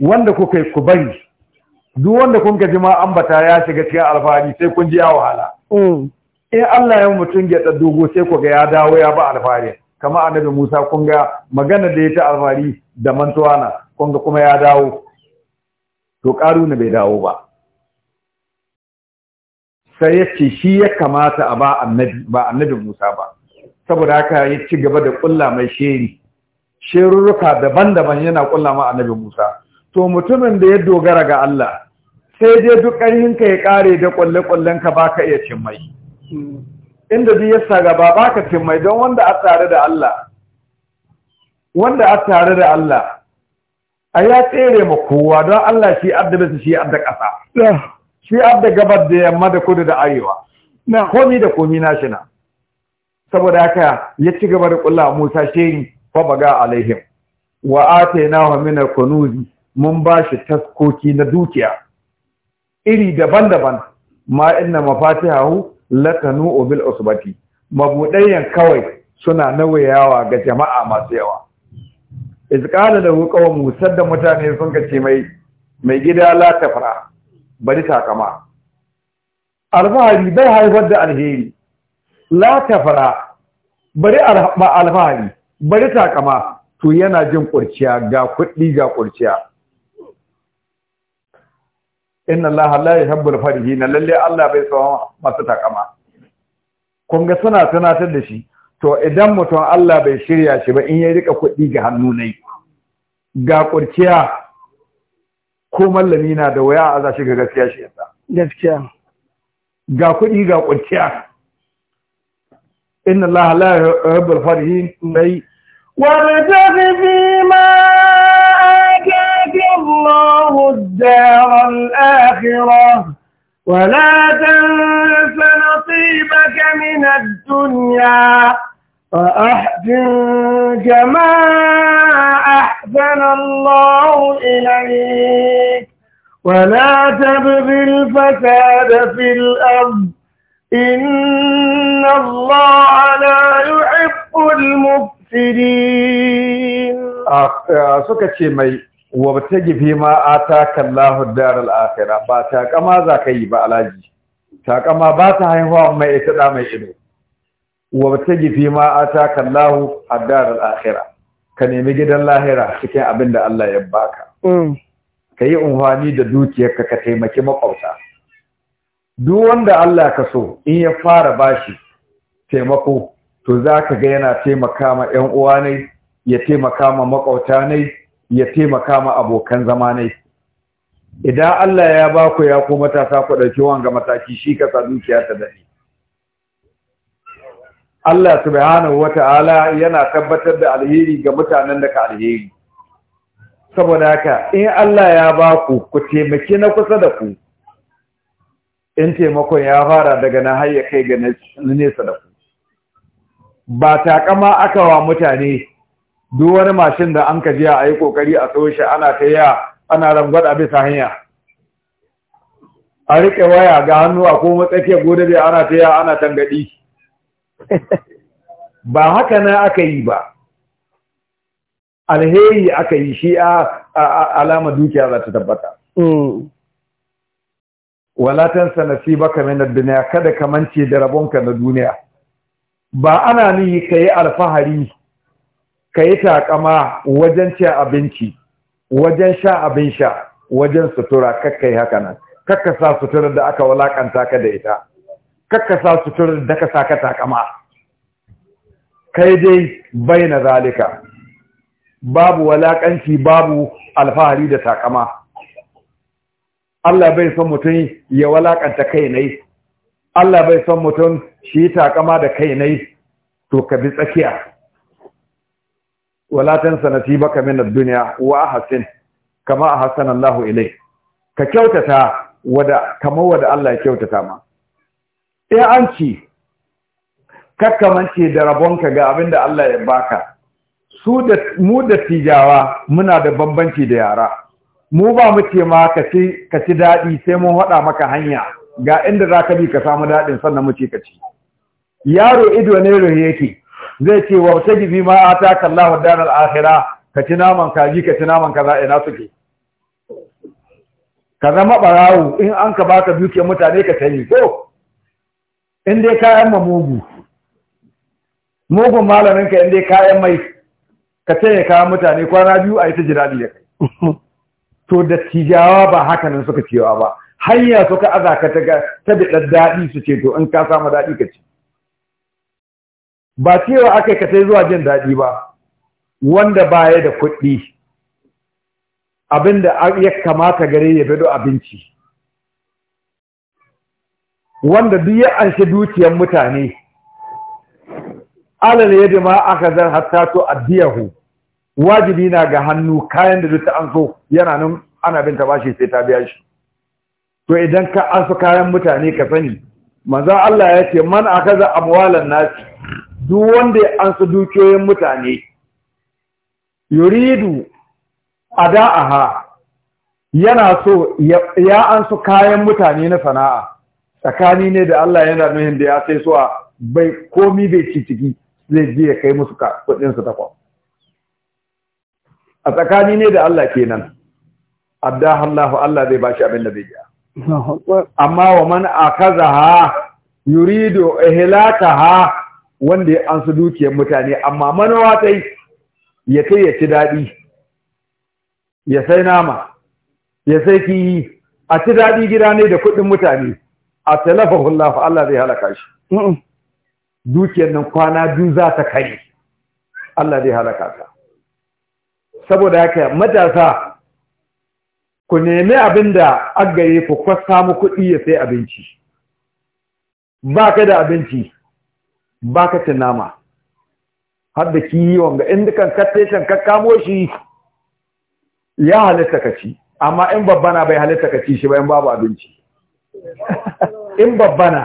wanda kuka yi ku bari duk wanda kun ka jima ambata ya shiga cikin alfahari sai kun ji ya wahala mm. in Allah ya mutum ya dogo sai ku ga ya dawo ya ba alfahari kamar annabi Musa kun ga magana da ya ta alfari da mantuwana, kun ga kuma ya dawo to ne bai dawo ba sai ya shi ya kamata a ba annabi ba annabi Musa ba saboda haka ya ci gaba da kulla mai sheri sherurruka daban-daban yana kulla ma annabi Musa to mutumin da ya dogara ga Allah sai dai duk ka ya ƙare da ƙwalle ka, ba ka iya cin mai inda duk ya saga ba ba ka mai don wanda a tare da Allah wanda a tare da Allah a ya tsere ma kowa don Allah shi adda su shi adda ƙasa shi adda gabar da yamma da kudu da arewa na komi da komi shi na saboda haka ya ci gaba da kula Musa shehi fa baga alaihim wa atainahu min al-kunuzi mun bashi taskoki na dukiya iri daban-daban ma inna mafatihahu latanu bil usbati mabudayyan kawai suna nawayawa ga jama'a masu yawa qala lahu qawmu sadda mutane sun kace mai mai gida la tafra bari takama alfahari bai haifar da alheri la tafra bari alfahari bari takama to yana jin kurciya ga kuɗi ga kurciya inna Allah la farihi farihin lalle Allah bai so masu takama kun ga suna tunatar da shi to idan mutum Allah bai shirya shi ba in ya rika kuɗi ga hannu ne ga kurciya ko mallami na da waya a za shi ga gaskiya shi yasa gaskiya ga kuɗi ga kurciya inna Allah la yi. farihin sai wa fi ma الله الدار الآخرة ولا تنس نصيبك من الدنيا فأحسن كما أحسن الله إليك ولا تبغ الفساد في الأرض إن الله لا يحب المفسدين suka آه، آه، سكتي مي wa gifi ma a ta kallahu darar akira ba takama za ka yi ba alaji taƙama ba ta haihuwa mai ita da mai ido wa gifi ma a ta kallahu a darar akira ka nemi gidan lahira cikin abin da Allah ya baka mm. ka yi unhwani da dukiyarka ka taimaki makwabta duk wanda Allah ka so in ya fara bashi taimako to za ka ga yana taimaka ma 'yan uwa ne ya taimaka ma makwabta ne ya taimaka ma abokan zama ne idan Allah ya ba ku ya ku matasa ku dauki wanga mataki shi ka sa dukiya ta dade Allah subhanahu wata'ala yana tabbatar da alheri ga mutanen da ka alheri saboda haka in Allah ya ba ku ku taimaki na kusa da ku in taimakon ya fara daga na har ga nesa da ku ba takama aka wa mutane duk wani mashin da an kajiya a yi kokari a tsohon shi ana ta ana rangwada bisa hanya a riƙe waya ga hannu a kuma tsakiyar gobe bai ana ta yaya ana tangaɗi ba haka na aka yi ba alheri aka yi shi a alama dukiya za ta tabbata walatan sanasi baka na duniya kada ka da rabonka na duniya ba ana ni ka yi alfahari ka yi takama wajen ci abinci wajen sha abin sha wajen sutura kakka yi haka nan kakka sa suturar da aka walakanta ka da ita kakka sa suturar da ka sa ka takama kai dai bai na zalika babu walakanci babu alfahari da takama Allah bai son mutum ya walakanta kai nai Allah bai son mutum shi takama da kai nai to ka bi tsakiya wala tansa nasibaka min ad-dunya wa ahsin kama ahsana Allahu ilayk ka kyautata wada kama wada Allah ya kyautata ma sai an ci da rabonka ga abinda Allah ya baka su da mu da tijawa muna da bambanci da yara mu ba mu ce ma ka ci ka ci dadi sai mun hada maka hanya ga inda zaka bi ka samu dadin sannan mu ce ka ci yaro ido ne rohe yake zai ce wa tagi bi ma ta Allahu danar akhira. ka ci naman kaji ka ci naman kaza ina suke ka zama barawo in an ka baka duke mutane ka tani ko in dai kayan ma mugu mugun malamin ka in dai kayan mai ka tani kayan mutane kwana biyu a yi ta jiradi da kai *laughs* to da tijawa ba haka nan suka cewa ba hanya suka aza ka ta ga ta daɗi su ce to in ka samu daɗi ka ci ba cewa aka yi kasai zuwa jin daɗi ba wanda baya da kuɗi abinda ya kamata gare ya fido abinci wanda duk ya anshi dukiyar mutane alal ya ma aka zan hatta to addiyahu wajibi na ga hannu kayan da duk an so yana nan ana bin ta bashi sai ta biya shi to idan ka an so kayan mutane ka sani manzon Allah ya ce man akaza amwalan nasi duk wanda ya ansa dukiyoyin mutane yuridu da'aha, yana so ya ansu kayan mutane na sana'a tsakani ne da Allah yana nuhin da ya sai suwa bai komi bai ci ciki zai je ya kai musu kudin su takwa a tsakani ne da Allah kenan addaha Allahu, Allah zai bashi abin da zai biya amma wa man akazaha yuridu ha. wanda ya ansu dukiyar mutane amma manowa ta yi ya kai ya ci daɗi ya sai nama ya sai kiyi a ci daɗi gida ne da kuɗin mutane a talafa hullafa Allah zai halaka shi dukiyar nan kwana biyu za ta kai Allah zai halaka ta saboda haka matasa ku nemi abin da aggare ku kwasa mu kuɗi ya sai abinci ba ka da abinci ba ka cin nama har da kiyi wanga in dukan katse can ka kamo shi ya halitta ka ci amma in babbana bai halitta ka ci shi ba in babu abinci *laughs* in babbana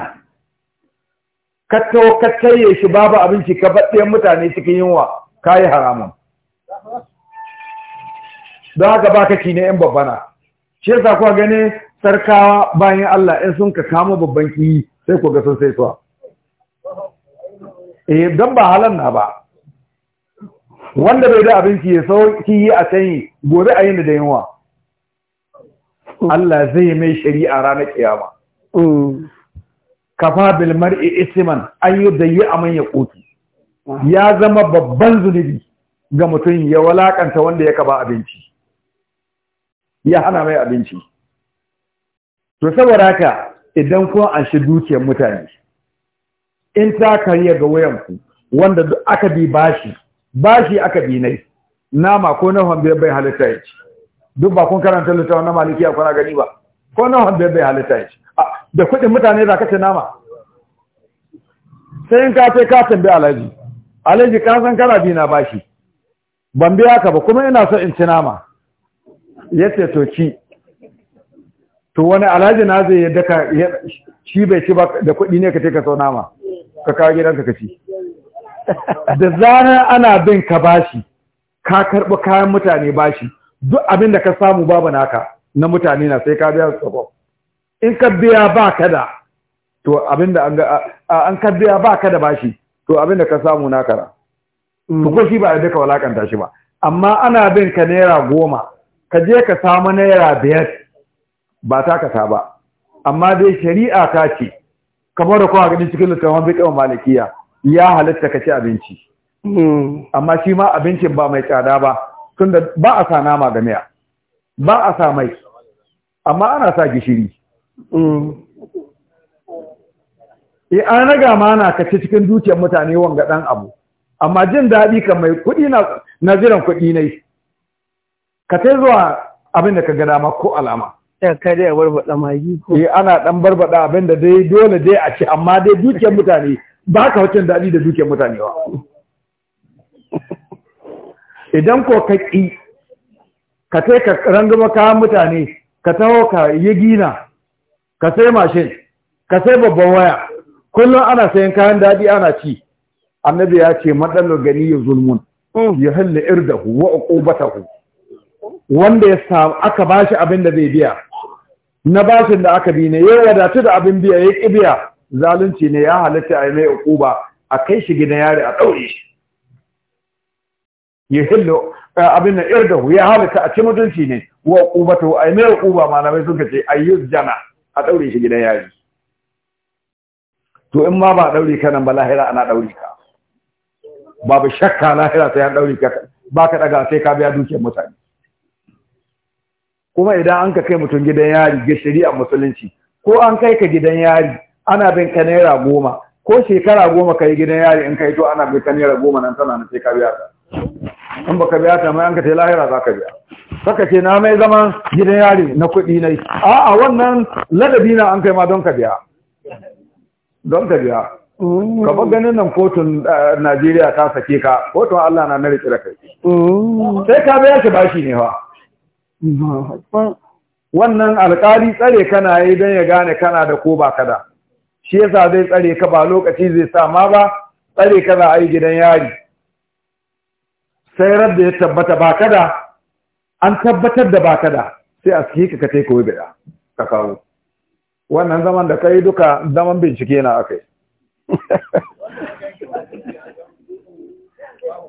kattawo katsaye shi babu abinci ka baɗe mutane cikin yunwa ka yi haramun don haka ba ka ci ne in babbana shi yasa kuwa gane sarkawa bayan Allah in sun ka kamo babban kiyi sai ku ga sun sai suwa eh don ba halan na ba wanda bai da abinci ya sauki a sanyi gobe a yin da yunwa Allah zai mai shari'a ranar kiyama kafa bil mar'i isman an yi aman ya koti ya zama babban zunubi ga mutum ya walakanta wanda ya kaba abinci ya hana mai abinci to saboda haka idan ko an shi dukiyar mutane in ta kariya ga wayanku wanda aka bi bashi bashi aka bi nai nama ko na hambe bai halitta ya ci duk ba kun karanta littafin na ya kuna gani ba ko na hambe bai halitta ya ci da kudin mutane za ka ce nama sai in ka ce ka tambayi alaji alaji ka san kana bi na bashi ban biya ka ba kuma ina so in ci nama ya ce to ci to wani alhaji na zai yadda ka shi bai ci ba da kuɗi ne ka ce ka sau nama ka kawo gidanka ka ci *laughs* da zana ana bin ka bashi ka karɓi kayan mutane bashi duk abin da ka samu babu naka na mutane na sai ka biya su tsakon in ka biya ba ka da to abin da an ka biya ba ka da bashi to abin da ka samu naka na. ko shi ba a duka walakanta shi ba amma ana bin ka naira goma ka je ka samu naira biyar ba ta kasa ba amma dai shari'a ta ce kamar da kuma ganin cikin littafin fiqh malikiya ya halitta ka ci abinci hmm. amma shi ma abincin ba mai tsada ba tunda ba a sa nama ga miya ba a sa mai amma ana sa gishiri e an raga ma na kace cikin dukiyar mutane wanga dan abu amma jin daɗi kan mai kuɗi na naziran kuɗi ne ka tai zuwa abin da ka ga dama ko alama ya kare a barbada magi ko eh ana dan barbaɗa abin da dai dole dai a ci amma dai dukiyar mutane ba ka wucin daɗi da dukiyar mutane ba idan ko ka ƙi ka kai ka rangama kayan mutane ka taho ka yi gina ka sai mashin ka sai babban waya kullum ana sayan kayan daɗi ana ci annabi ya ce matsalar gani ya zulmun hmm. ya halli irdahu wa uqubatahu wanda ya aka bashi abin da zai biya na bashin da aka bi ne ya wadatu da abin biya ya ƙi biya zalunci ne ya halatta a yi mai uquba a kai shi gina yari a ɗaure shi ya hillo abin na hu ya halatta a ci mutunci ne wa to a yi mai uquba malamai suka ce ayyuz jana a ɗaure shi gina yari to in ma ba ɗaure ka nan ba lahira ana ɗaure ka babu shakka lahira sai an ɗaure ka ba ka ɗaga sai ka biya dukiyar mutane kuma idan an ka kai mutum gidan yari ga shari'a musulunci ko an kai ka gidan yari ana bin ka naira goma ko shekara goma ka yi gidan yari in kai to ana bin ka naira goma nan tana na sai ka biya ta in baka biya ta mai an ka tai lahira za ka biya saka ce na mai zama gidan yari na kuɗi na yi. a'a wannan ladabi na an kai ma don ka biya don ka biya ka ba ganin nan kotun eh, Najeriya ta sake ka kotun Allah na na rike da kai mm. sai ka biya shi bashi ne fa wannan alƙali tsare kana yi don ya gane kana da ko ba kada shi yasa zai tsare ka ba lokaci zai sa ma ba tsare ka za a yi gidan yari sai da ya tabbata ba kada an tabbatar da ba kada sai a suke ka kai kawai bida ka kawo wannan zaman da kai duka zaman bincike na aka yi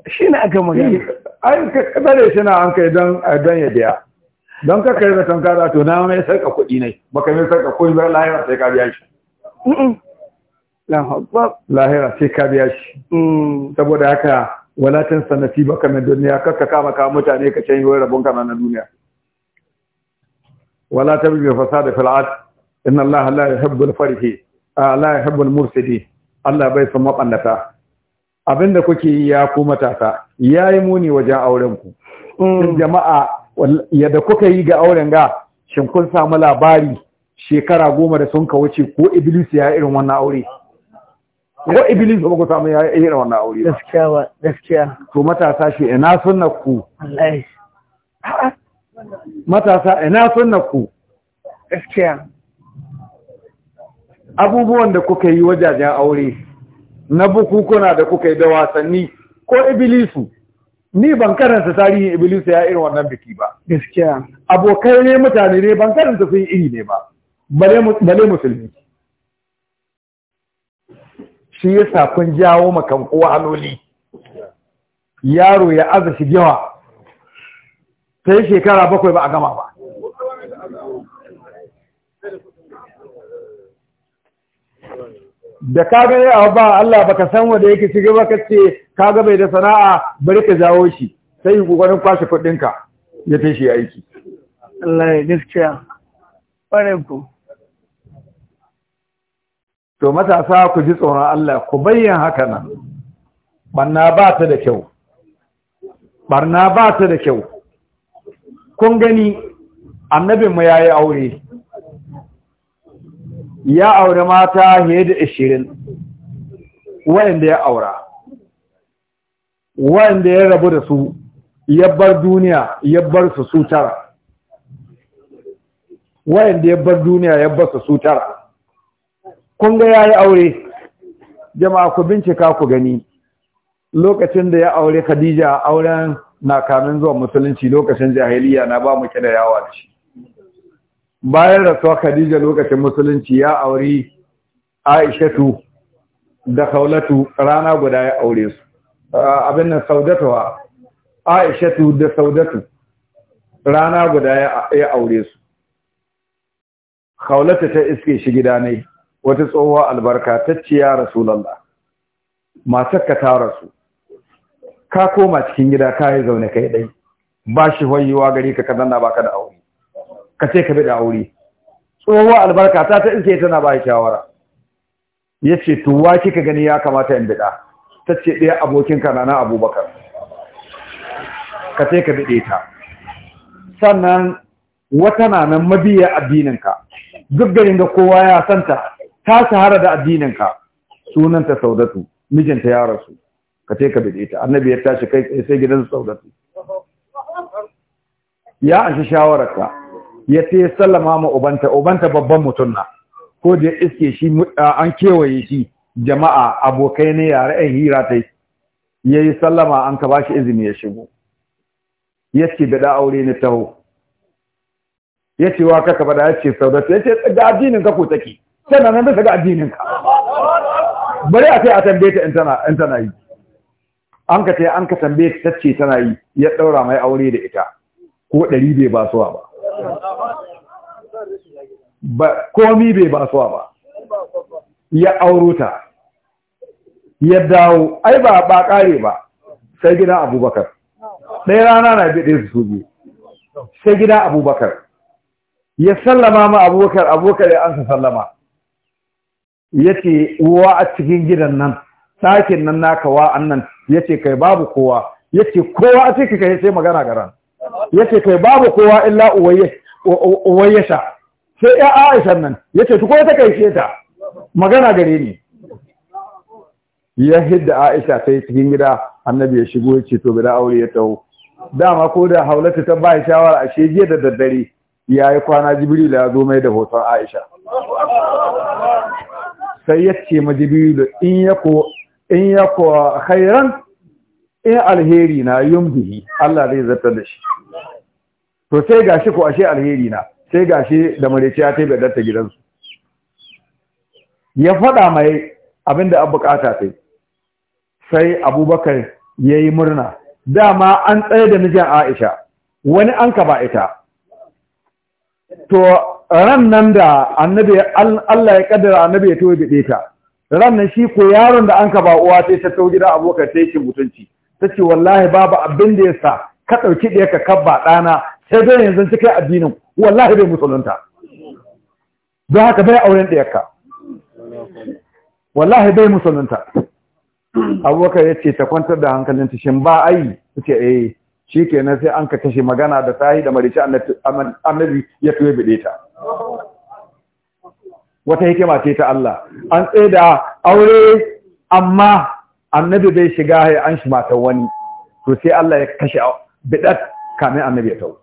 shi na aka magana ai ka tsare shi na an kai don ya biya don kaka kai zaton ka to na mai sarka kuɗi ne baka mai sarka kuɗi ba lahira sai ka biya shi lahira sai ka biya shi mm. saboda haka walatin sanati baka mai duniya kaka kama ka mutane ka canyi wani rabon kama na duniya wala ta bi fasada da ard inna allah la yuhibbu al farihi ya yuhibbu al mursidi allah bai san mabannata abinda kuke yi ya ku ya yayi muni wajen auren ku mm. jama'a yadda kuka yi ga auren ga shin kun samu labari shekara goma da sun ka wuce ko iblis ya irin wannan aure ko iblis ba ku samu ya irin wannan aure ba gaskiya ba gaskiya to matasa shi ina sunna ku wallahi matasa ina sunna ku gaskiya abubuwan da kuka yi wajajen aure na bukukuna da kuka yi da wasanni ko ibilisu ni ban karanta tarihin iblis ya irin wannan biki ba gaskiya abokai ne mutane ne ban karanta sun iri ne ba bale musulmi shi yasa kun jawo makan kowa haloli yaro ya aza shi yawa sai shekara bakwai ba a gama ba da ka ga a ba Allah baka san wanda yake shiga ba ce ka ga bai da sana'a bari ka jawo shi sai ku kokarin kwashe kuɗin ka ya shi aiki Allah ya gaskiya ƙware ku to matasa ku ji tsoron Allah ku bayyana haka nan barna ba ta da kyau barna ba ta da kyau kun gani annabin ya yi aure ya aure mata fiye da ashirin wanda ya aura wanda ya rabu da su ya bar duniya ya bar su su wanda ya bar duniya ya bar su su kun ga yayi aure jama'a ku bincika ku gani lokacin da ya aure Khadija auren na kamin zuwa musulunci lokacin jahiliya na ba mu kida yawa da shi bayan rasuwa Khadija lokacin musulunci ya auri Aishatu da Saulatu rana guda ya aure su ah, abin nan Saudatuwa Aishatu da Saudatu rana guda ya aure su Kaulatu ta iske shi gida ne wata tsohuwa albarka ta ciya ya Masu ka ta rasu ka koma cikin gida ka yi zaune kai dai ba shi hoyiwa gari ka kazanna ka da aure ka ce ka bida aure tsohuwa albarka ta ta ke tana ba shawara yace ce tuwa kika gani ya kamata in bida tace ce ɗaya abokinka na abubakar ka ce ka bide ta sannan wata na nan mabiya addininka duk garin da kowa ya santa ta shahara da addinin addininka sunanta saudatu mijinta ya rasu ka ce ka bide ta annabi ya tashi kai sai gidan saudatu ya an shi shawararka ya ce sallama ma ubanta ubanta babban mutum na ko da iske shi an kewaye shi jama'a abokai ne yare ai hira ta ya yi sallama an ka bashi izini ya shigo ya ce da aure ni taho ya ce wa kaka bada ya ce saudata ya ce ga addinin ka ko take tana nan bisa ga addinin ka bari a sai a tambaye ta in tana yi an ka an ka tambaye ta ce tana yi ya ɗaura mai aure da ita ko ɗari bai ba suwa ba ba komi bai ba suwa ba ya auruta ya dawo ai ba ba kare ba sai gida abubakar ɗaya rana na biɗe su su biyu sai gida abubakar ya sallama ma abubakar abubakar ya ansa sallama ya ce wa a cikin gidan nan ɗakin nan naka wa annan ya ce kai babu kowa ya ce kowa a cikin kai sai magana garan ya ce kai babu kowa illa uwayyasha sai ya aisha nan ya ce tukwai ta kai ta magana gare ne. ya hidda aisha sai cikin gida annabi ya shigo ya ce to bida aure ya taho dama ko da haulatu ta bayan shawara a shege da daddare ya yi kwana jibril ya zo mai da hoton aisha sai ya ce ma jibril in ya ko in ya ko khairan in alheri na yumbihi Allah zai zartar da shi to sai gashi ko ashe alheri na sai ga shi da mareci ya taibe ta gidansu ya faɗa mai abin da an bukata sai sai abubakar ya yi murna dama an tsaye da nijin aisha wani an ka ba ita to ran nan da annabi Allah ya kaddara annabi ya tawo bide ta ran nan shi ko yaron da an ka ba uwa sai ta tawo gida abokar sai shi mutunci tace wallahi babu abin da yasa ka dauki da ka kabba dana sai zai yanzu cikin addinin wallahi bai musulunta don haka bai auren ɗayarka wallahi bai musulunta abubakar ya ce ta kwantar da hankalin tashin ba a yi suke ce eh shi nan sai an ka kashe magana da Sahi da marici annabi ya tuwe bide ta wata hikima ce ta Allah an tsaye da aure amma annabi bai shiga ya an shi matan wani to sai Allah ya kashe bidat kamin annabi ya tau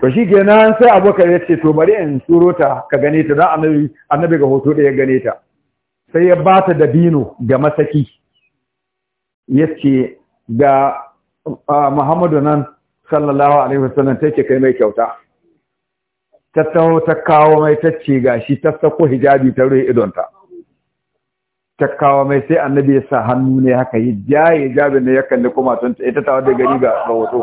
to shi kenan sai abokan ya ce to bari in turo ta ka gane ta don annabi annabi ga hoto da ya gane ta sai ya ba ta dabino ga masaki ya ce ga muhammadu nan sallallahu alaihi wasallam ta ke kai mai kyauta ta taho ta kawo mai ta ce ga shi ta sako hijabi ta rufe idonta ta kawo mai sai annabi ya sa hannu ne haka Ya hijabi hijabin ne ya kalli kuma ita ta wadda gari ga hoto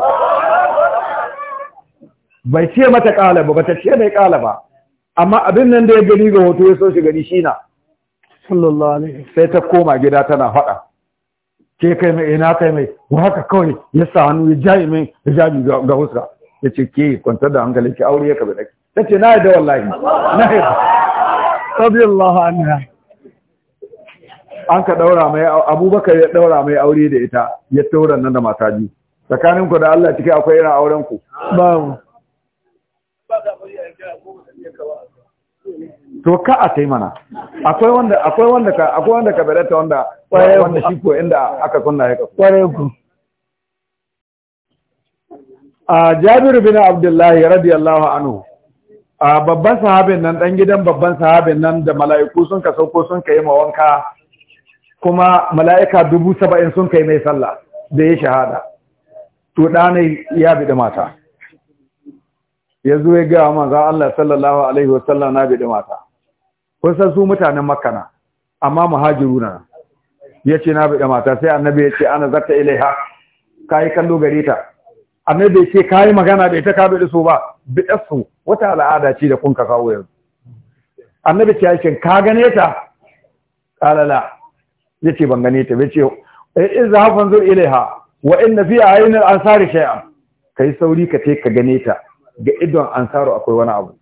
bai ce mata kala ba bata ce mai kala ba amma abin nan da ya gani ga hoto ya so shi gani shi na sallallahu alaihi sai ta koma gida tana faɗa ke kai mai ina kai mai wa haka kawai ya sa hannu ya jaye mai ya jaji ga huska ya ce ke kwantar da hankali ki aure ya kabe daki ta ce na yadda wallahi na yadda radiyallahu anha an ka daura mai abubakar ya daura mai aure da ita ya taura nan da mataji Tsakaninku da Allah cike akwai irin auren ku to ka a yi mana akwai wanda akwai wanda ka akwai wanda ka berata wanda wanda shi ko inda aka kunna ya kafa. kware ku a Jabiru bin Abdullahi radiyallahu anhu a babban sahabin nan ɗan gidan babban sahabin nan da mala'iku sun ka sauko sun kai ma wanka kuma mala'ika dubu saba'in sun kai mai sallah da ya shahada to ɗanai ya bi da mata ya zo ya ga manzon Allah sallallahu alaihi wasallam na bi mata kun san su mutanen makka na amma muhajiruna yace na bi mata sai annabi ya ce ana zatta ilaiha kai kallo gare ta annabi ya ce kai magana da ita ka bi su ba bi su wata al'ada ce da kun ka kawo yanzu annabi ce yakin ka gane ta Ya yace ban gane ta yace hafan eh, zo ilaiha wa inna fi ayinil ansari shay'an kai sauri ka ce ka gane ta ga idon ansaru akwai wani abu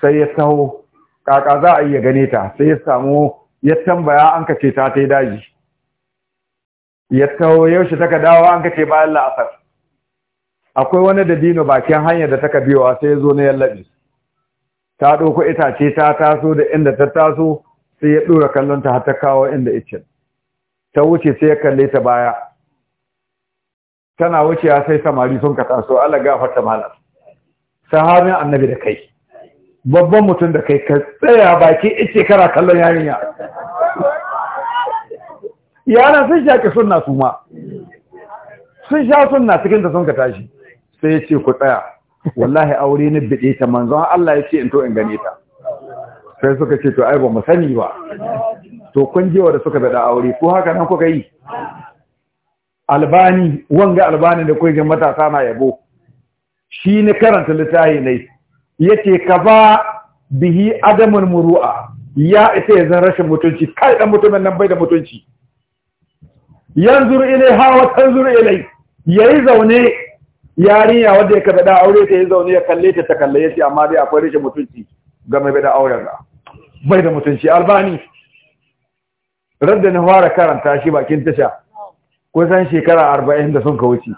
sai ya taho kaka za a iya gane ta sai ya samu ya tambaya an kace ta ta daji ya taho yaushe taka dawo an kace bayan la'asar akwai wani da dino bakin hanyar da taka biyowa sai ya zo na yallabi ta ɗauko itace ta taso da inda ta taso sai ya ɗora kallon ta har ta kawo inda icin ta wuce sai ya kalle ta baya tana wucewa sai samari sun ka taso Allah gafarta malam sahabin annabi da kai babban mutum da kai ka tsaya baki ice kara kallon yarinya yana sun shaƙi suna su ma sun sha sunna cikin da sun ka tashi sai ya ce ku tsaya wallahi aure ni bide ta manzon Allah ya ce in to in gane ta sai suka ce to ai ba mu sani ba to kun je wa da suka bada aure ko haka nan kuka yi albani wanga albani da kuka matasa na yabo shi ne karanta littafi ne yace ka ba bihi adamun muru'a ya ita ya zan rashin mutunci kai dan mutumin nan bai da mutunci yanzur ilai ha wa tanzur ilai yayi zaune yarinya wanda ya kada aure ta yayi zaune ya kalle ta ta kalle ce amma dai akwai rashin mutunci ga mai da auren ga bai da mutunci albani radda na fara karanta shi bakin tasha kusan shekara arba'in da sun ka wuce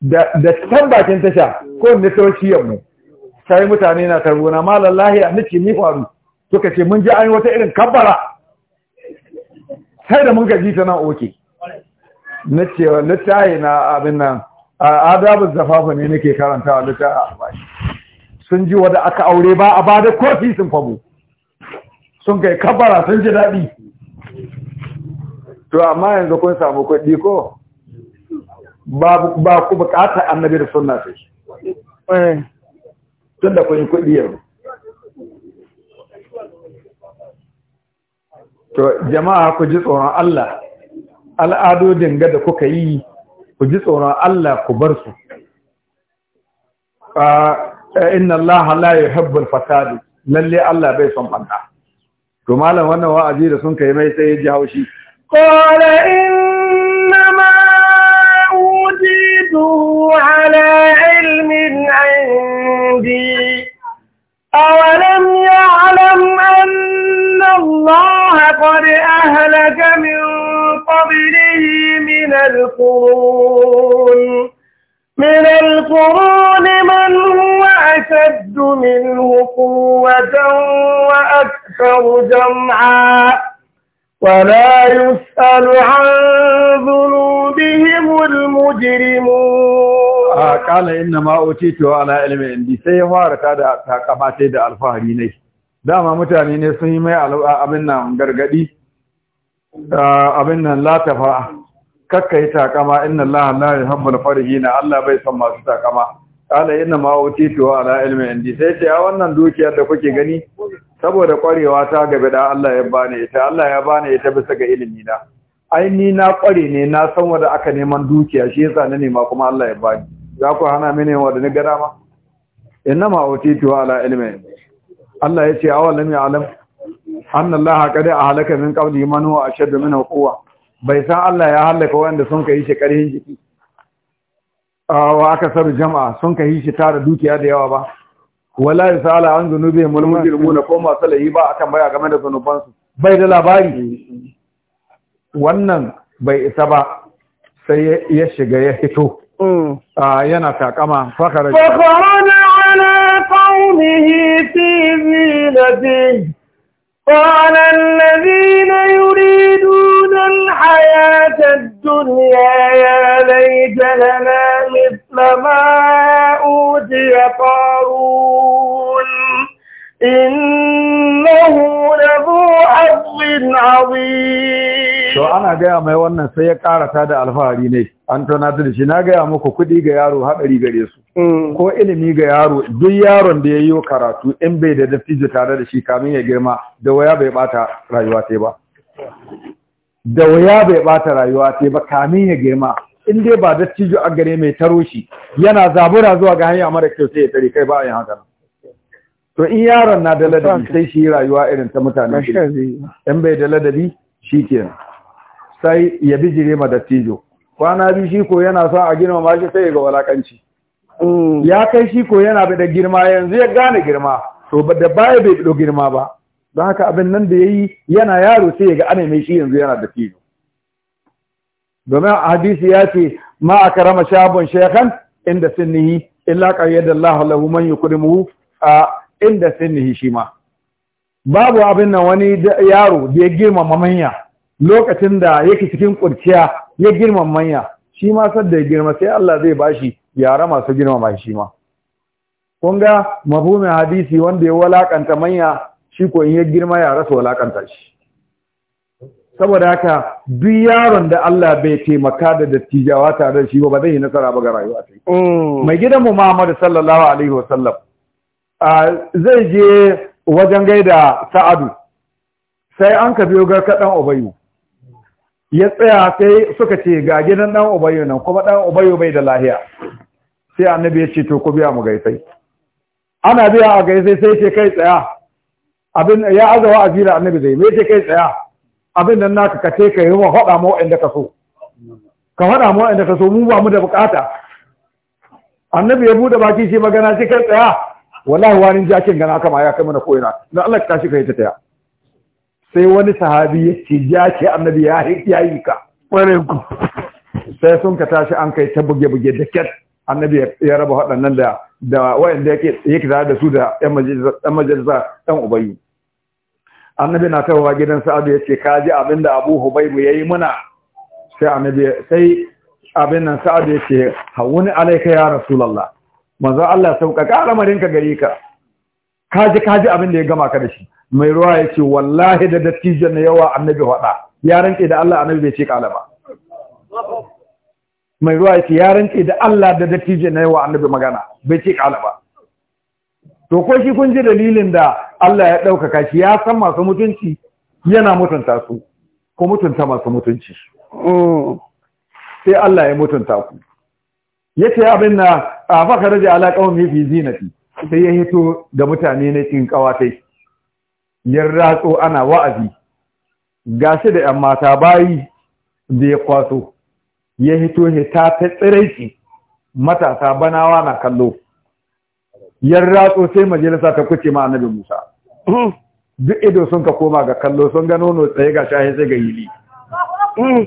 da can bakin tasha ko ne sauci yammu sai mutane na karbuna malam a nake ni faru suka ce mun ji an yi wata irin kabbara sai da mun gaji ta nan oke na cewa littahi na abin nan A adabin zafafa ne nake karanta a littahi a bashi sun ji wadda aka aure ba a bada kofi sun fabo sun kai kabbara sun ji daɗi to amma yanzu kun samu kuɗi ko ba ku bukatar annabi da suna sai eh. tun da kun yi kuɗi yau to jama'a ku ji tsoron Allah al'adodin ga da kuka yi ku ji tsoron Allah ku bar su inna Allah la habbul fasadi lalle Allah bai son fanta to malam wannan wa'azi da sun kai mai sai ya ji haushi qala inna ma أوتيته على علم عندي أولم يعلم أن الله قد أهلك من قبله من القرون من القرون من هو أشد منه قوة وأكثر جمعاً ولا يسأل عن ذنوبهم المجرمون قال إنما أوتيته على علم عندي sai ya fara ta da takamate da alfahari ne dama mutane ne sun yi mai abin nan gargadi abin nan latafa kakkai takama inna Allah la yuhibbul farihina Allah bai san masu takama qala inna ma utitu ala ilmi indi sai ce a wannan dukiyar da kuke gani saboda ƙwarewa ta gabe da Allah ya bani ita Allah ya bani ita bisa ga ilimi na ai ni na ƙware ne na san wanda aka neman dukiya shi yasa na nema kuma Allah ya bani za ku hana mini wanda ni gada ma innama utitu ala ilmi Allah ya ce awal lam alam anna Allah qad ahlaka min qabli man huwa ashaddu minhu quwwa bai san Allah ya halaka wanda sun kai shi karhin jiki wa aka sabu jama'a sun kai shi tara dukiya da yawa ba wala yusala an zunubihim wal mujrimuna ko masu layi ba akan baya game da zunubansu bai da labari wannan bai isa ba sai ya shiga ya hito mm. yana takama fakarar fakara قال الذين يريدون الحياة الدنيا يا ليت لنا مثل ما أوتي قارون innahu labu حظ عظيم to ana gaya mai wannan sai ya karata da alfahari ne an tona da shi na gaya muku kuɗi ga yaro haɗari gare su mm. ko ilimi ga yaro duk yaron da ya yi karatu in bai da dattijo tare da shi kamin ya girma da waya bai bata rayuwa ta ba da waya bai bata rayuwa ta ba kamin ya girma in dai ba dattijo a gare mai taro shi yana zabura zuwa ga hanya mara kyau sai ya tare kai ba a yin haka to in yaron na da ladabi sai shi rayuwa irin ta mutane in bai da ladabi shi kenan sai ya jire ma dattijo kwana biyu shi ko yana sa a gina ma shi sai ya ga walakanci mm. ya kai shi ko yana da girma yanzu ya gane girma to da baya bai bido girma ba don haka abin nan da ya yi yana yaro sai ya ga ana mai shi yanzu yana da tijo domin hadisi ya ce ma a karama shabon shekan inda sinnihi illa ƙayyadallahu lahu man yukrimuhu a inda sinnihi shi ma babu abin nan wani yaro da ya girmama manya lokacin da yake cikin kurciya ya girmama manya shi ma sadda ya girma sai Allah zai bashi yara masu girmama shi ma kun ga mafhumin hadisi wanda ya walakanta manya shi ko in ya girma yara su walakanta shi saboda haka duk yaron da Allah bai taimaka da dattijawa tare da shi ba zai yi nasara ba ga rayuwa mm. mai gidan Muhammadu sallallahu alaihi wasallam zai je wajen gaida sa'adu sai an ka biyo garka ɗan obayu ya tsaya sai suka ce ga gidan ɗan obayu nan kuma ɗan obayu bai da lahiya sai annabi ya ce to ku biya mu gaisai ana biya a gaisai sai ce kai tsaya abin ya aza a jira annabi zai mai ce kai tsaya abin nan naka ka ce ka yi wa faɗa ma inda ka so ka faɗa ma inda ka so mu ba mu da bukata annabi ya buɗe baki shi magana shi kai tsaya wallahi wani jakin gana aka ma ya kai mana koyina dan Allah ka tashi kai ta taya sai wani sahabi ya ce jaki annabi ya yi ka ku sai sun ka tashi an kai ta buge buge da ket annabi ya raba waɗannan da da wayanda yake yake da su da yan majalisa yan majalisa dan ubayi annabi na tawowa gidan sa'adu ya ce ka ji abin da abu hubaibu ya yi muna sai annabi sai abin nan sa'adu ya ce hawuni alaika ya rasulallah manzo Allah sauƙaƙa al'amarin ka gare ka kaji kaji abin da ya gama ka da shi mai ruwa ya ce wallahi da dattijan na yawa annabi faɗa ya rantse da Allah annabi bai ce kala ba mai ruwa ya ce ya rantse da Allah da dattijan na yawa annabi magana bai ce kala ba to ko shi kun ji dalilin da Allah ya ɗaukaka shi ya san masu mutunci yana mutunta su ko mutunta masu mutunci mm. sai Allah ya mutunta ku yace abin na fa kharaja ala qaumi fi zinati sai ya hito da mutane na cikin kawatai yan ratso ana wa'azi gashi da yan mata bayi da ya kwaso ya hito ne ta tsiraici matasa banawa na kallo yan ratso sai majalisa ta kuce ma annabi Musa duk ido sun ka koma ga kallo sun ga nono tsaye ga shahi sai ga yili mm.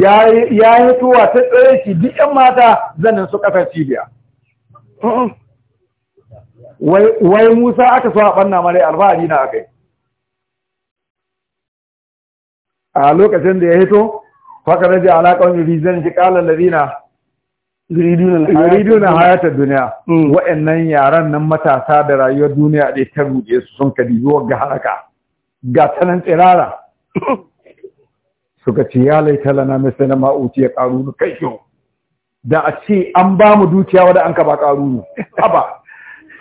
ya yi tuwa ta tsere shi duk yan mata zanen su kafar cibiya wai musa aka so a banna mara alfahari na akai a lokacin da ya hito faka raja alaƙon rizan shi ƙalar larina na hayatar duniya wa'annan yaren nan matasa da rayuwar duniya ɗaya ta ruɗe su sun zuwa ga haraka ga tsanan tsirara *laughs* suka ce ya laita lana misali ma utiya qarun kai kyau. da a ce an ba mu dukiya wadda an ka ba qarun haba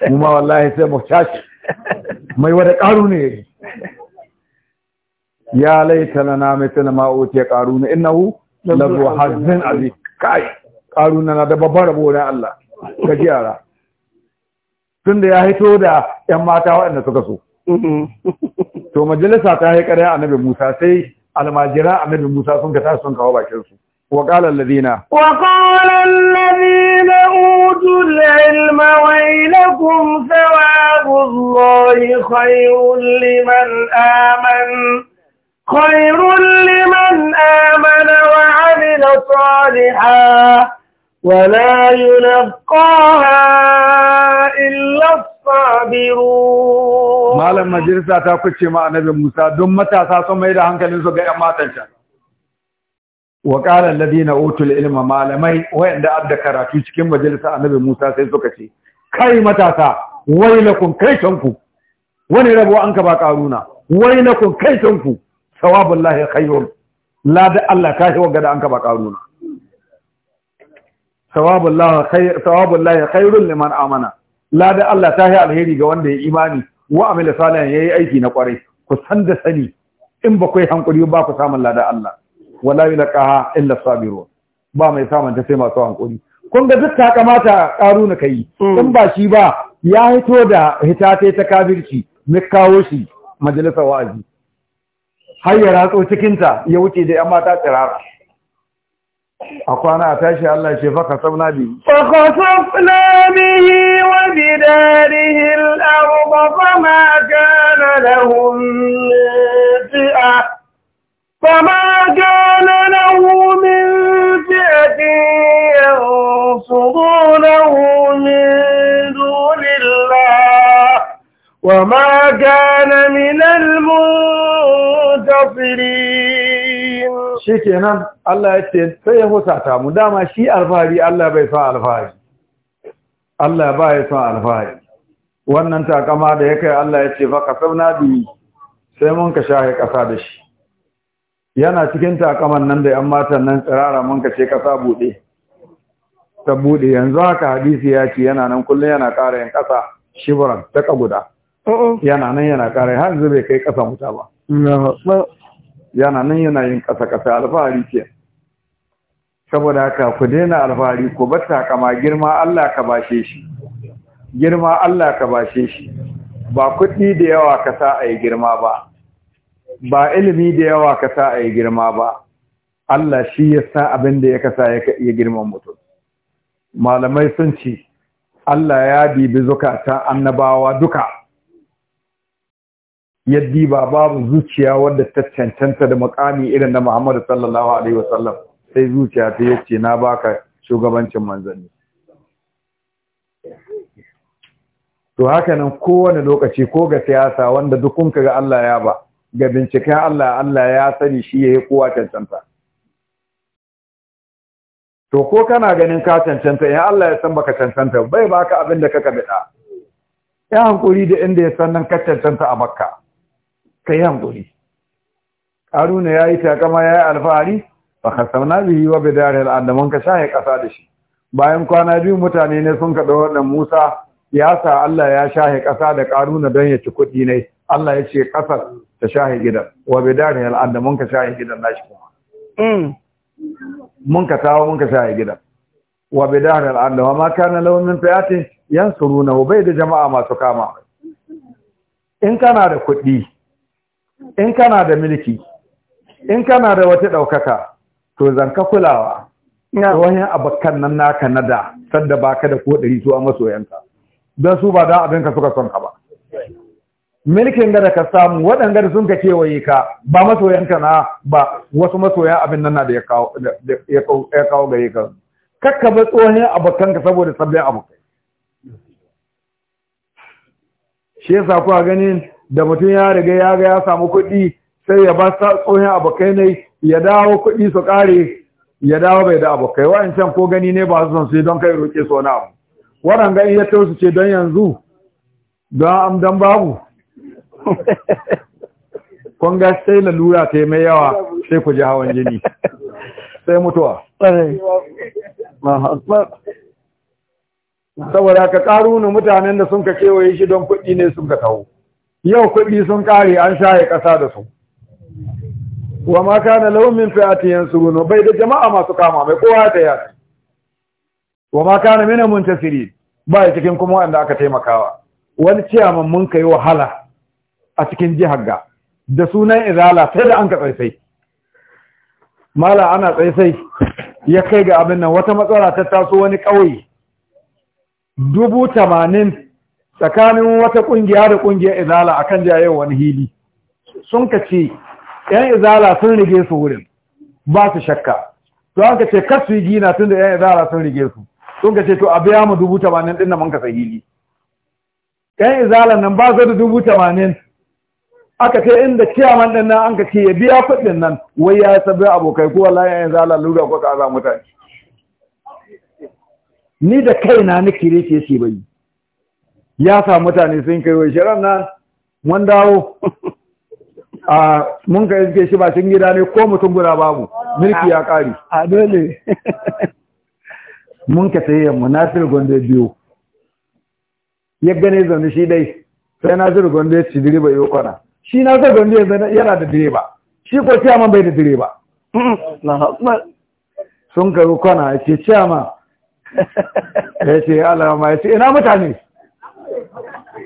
mu ma wallahi sai mu tashi mai wadda ƙaru ne yayi ya laita lana misali ma utiya qarun innahu lazu hazin azi kai ƙaru na da babbar rabo na Allah ga yara tunda ya hito da 'yan mata waɗanda suka so mm-hmm. to majalisa ta yi ya annabi Musa sai almajira annabi Musa sun ka tashi sun kawo bakin su wa qala alladhina wa qala alladhina utul ilma waylakum thawabu Allahi khayrun liman amana خير لمن آمن وعمل صالحا ولا يلقاها إلا sabiru malam majalisa ta kuce ma annabi Musa don matasa sun mai da hankalin su ga ƴan matan can wa qala alladhina utul ilma malamai wayanda adda karatu cikin majalisa annabi Musa sai suka ce kai matasa wailakum kai tanku wani rabo an ka ba karuna wailakum kai tanku sawabullahi khayrun la da Allah ka shi wagada an ka ba karuna sawabullahi khayrun liman amana lada Allah ta yi alheri ga wanda ya imani wa amila salihan yayi aiki na kwarai ku san da sani in ba ku yi hankuri ba ku samun lada Allah wala yulqaha illa sabirun ba mai samun ta sai masu hankuri kun ga duk ta kamata karu na kai mm. in ba shi ba ya hito da hitate ta kabirci mu kawo shi majalisar wa'azi har ya ratso cikinta ya wuce da 'yan mata tsirara a kwana a tashi Allah ce faka sabna bi faka sabna bihi wa bidarihi al-ardh fama kana lahum fi'a fama kana lahu min fi'atin yansurunahu min وما كان من المنتصرين شكرا الله يتين سيهوسا تامو داما شي الفاري الله بيسا الفاري الله بيسا الفاري wannan takama da ya kai Allah ya ce baka sauna biyu sai mun ka ƙasa da shi yana cikin takaman nan da yan matan nan tsirara mun ka ce ƙasa buɗe ta bude yanzu haka hadisi ya ce yana nan kullum yana ƙara yin ƙasa shibiran ta guda Oh, oh. yana nan yana kare har yanzu bai kai ƙasa wuta ba yana nan yana yin ƙasa ƙasa alfahari ke saboda haka ku daina alfahari ku bar takama girma Allah ka bashe shi girma Allah ka bashe shi ba kuɗi da yawa ka sa a yi girma ba ba ilimi da yawa ka sa a yi girma ba Allah shi ya sa abin da ya kasa ya girma mutum malamai sun ce Allah ya bibi zukatan annabawa duka yaddi ba babu zuciya wadda ta cancanta da makami irin na Muhammadu sallallahu alaihi wasallam sai zuciya ta yace na baka shugabancin manzanni to haka nan kowane lokaci ko ga siyasa wanda dukun ka ga Allah ya ba ga binciken Allah Allah ya sani shi yayi kowa cancanta to ko kana ganin ka cancanta in Allah ya san baka cancanta bai baka abin da kaka bida ya hankuri da inda ya san nan ka cancanta a makka ka yi hankuri ƙaruna ya yi takama ya yi alfahari ba ka sauna bihi wa bidare al'adaman ka shahe ƙasa da shi bayan kwana biyu mutane ne sun kaɗa wannan musa ya sa allah ya shahe ƙasa da ƙaruna don ya ci kuɗi ne allah ya ce ƙasar ta shahe gidan wa bidare mun ka shahe gidan nashi kuma mm. mun ka tawo mun ka shahe gidan wa bidare wa ma kana launin fayatin yan suruna bai da jama'a masu kama in kana da kuɗi in kana da milki, in kana da wata ɗaukaka to zanka kulawa wani abokan nan naka na da sadda baka da ko ɗari zuwa masoyanka don su ba da abin ka suka son ka ba milkin da ka samu waɗanda sun ka kewaye ka ba masoyanka na ba wasu masoyan abin nan na da ya kawo gare ka kakka ba tsohon abokanka saboda sabbin abokai shi yasa kuwa ganin da mutum ya riga ya ga ya samu kuɗi sai ya ba tsohon abokai ne ya dawo kuɗi su ƙare ya dawo bai da abokai wa'ancan ko gani ne ba su son su don kai roƙe su wani abu Wannan in ya tausu ce don yanzu don amdan babu *laughs* kun ga sai lalura ta mai yawa sai ku ji hawan jini sai mutuwa saboda ka ƙaru mutanen da sun ka kewaye shi don kuɗi ne sun ka taho yau kuɗi sun ƙare an shaye ƙasa da su wa ma kana lahum min fi'atin yansuruna bai da jama'a masu kama mai kowa ta ya wa ma kana min muntasiri ba cikin kuma wanda aka taimakawa wani ciyaman mun kai wahala a cikin jihar ga da sunan izala sai da an ka tsaitsai mala ana tsaitsai ya kai ga abin nan wata matsala ta taso wani ƙauye dubu tamanin tsakanin wata kungiya da kungiyar izala a kan jayen wani hili sun ka ce yan izala sun rige su wurin ba su shakka to an ka ce kar su yi gina tun da yan izala sun rige su sun ka ce to a biya mu dubu tamanin ɗin da mun kasa hili yan Izala nan ba zai da dubu tamanin aka ce inda ciyaman ɗin nan an ka ce ya biya kuɗin nan wai ya sabbin abokai ko wallahi yan izala lura ko ka za mutane ni da kaina na kire ce ce bai ya sa mutane sun kai wai shirin nan mun dawo *laughs* a mun kai suke shi bakin gida ne ko mutum guda babu mulki ya kari a dole *laughs* mun ka tsaye mu nasir gonde biyu ya gane zaune shi dai sai nasir gonde ci direba yau kwana shi nasir gonde yana da direba shi ko ciyaman bai da direba *laughs* sun karu kwana ya ce ciyama ya ce alama ya ce ina mutane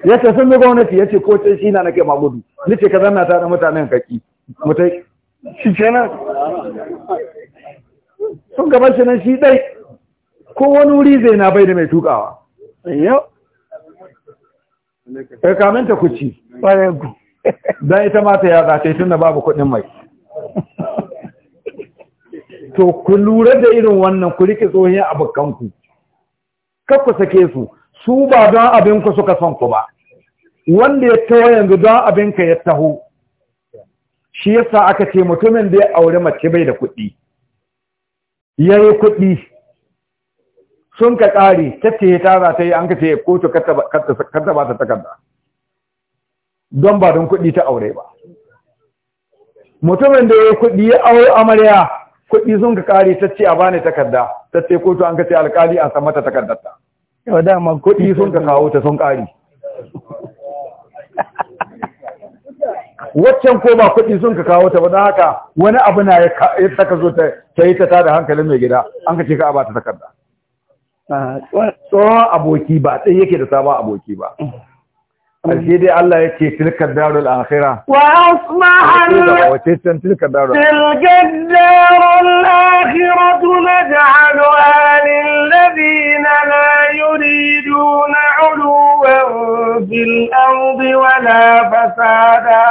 ya ce sun zuba gwamnati ya ce ko ce shi na nake magudu ni ce ka zanna ta da mutanen kaki mutai shi ce nan sun gaban shi nan shi dai ko wani wuri zai na bai da mai tukawa yau ka eh, kamanta ta ci bayan ku dan ita ma ta yaza ta tunda babu kuɗin mai to ku lura da irin wannan ku rike tsohon abokanku kakku sake su su ba don abinku suka son ku ba wanda ya taho yanzu don abinka ya taho shi yasa aka ce mutumin da ya aure mace bai da kuɗi ya yi kuɗi sun ka ƙari ta ce ta za ta yi an ka ce kotu ta ba ta takarda don ba don kuɗi ta aure ba mutumin da ya yi kuɗi ya aure amarya kuɗi sun ka ƙari ta ce a bani takarda ta ce kotu an ka ce alƙali an san takardarta da dama kuɗi sun ka kawo ta sun ƙari waccan ko ba kuɗi sun ka kawo ta ba don haka wani abu na ya saka zo ta yi ta tada hankalin mai gida an ka ce ka ba ta takarda tsohon aboki ba ɗin yake da sabon aboki ba Ashe dai Allah ya ce tilkar darul akhira. Wa asmahan wace can tilkar darul tilkar darul akhiratu naj'alu lil ladina la يريدون علوا في الأرض ولا فسادا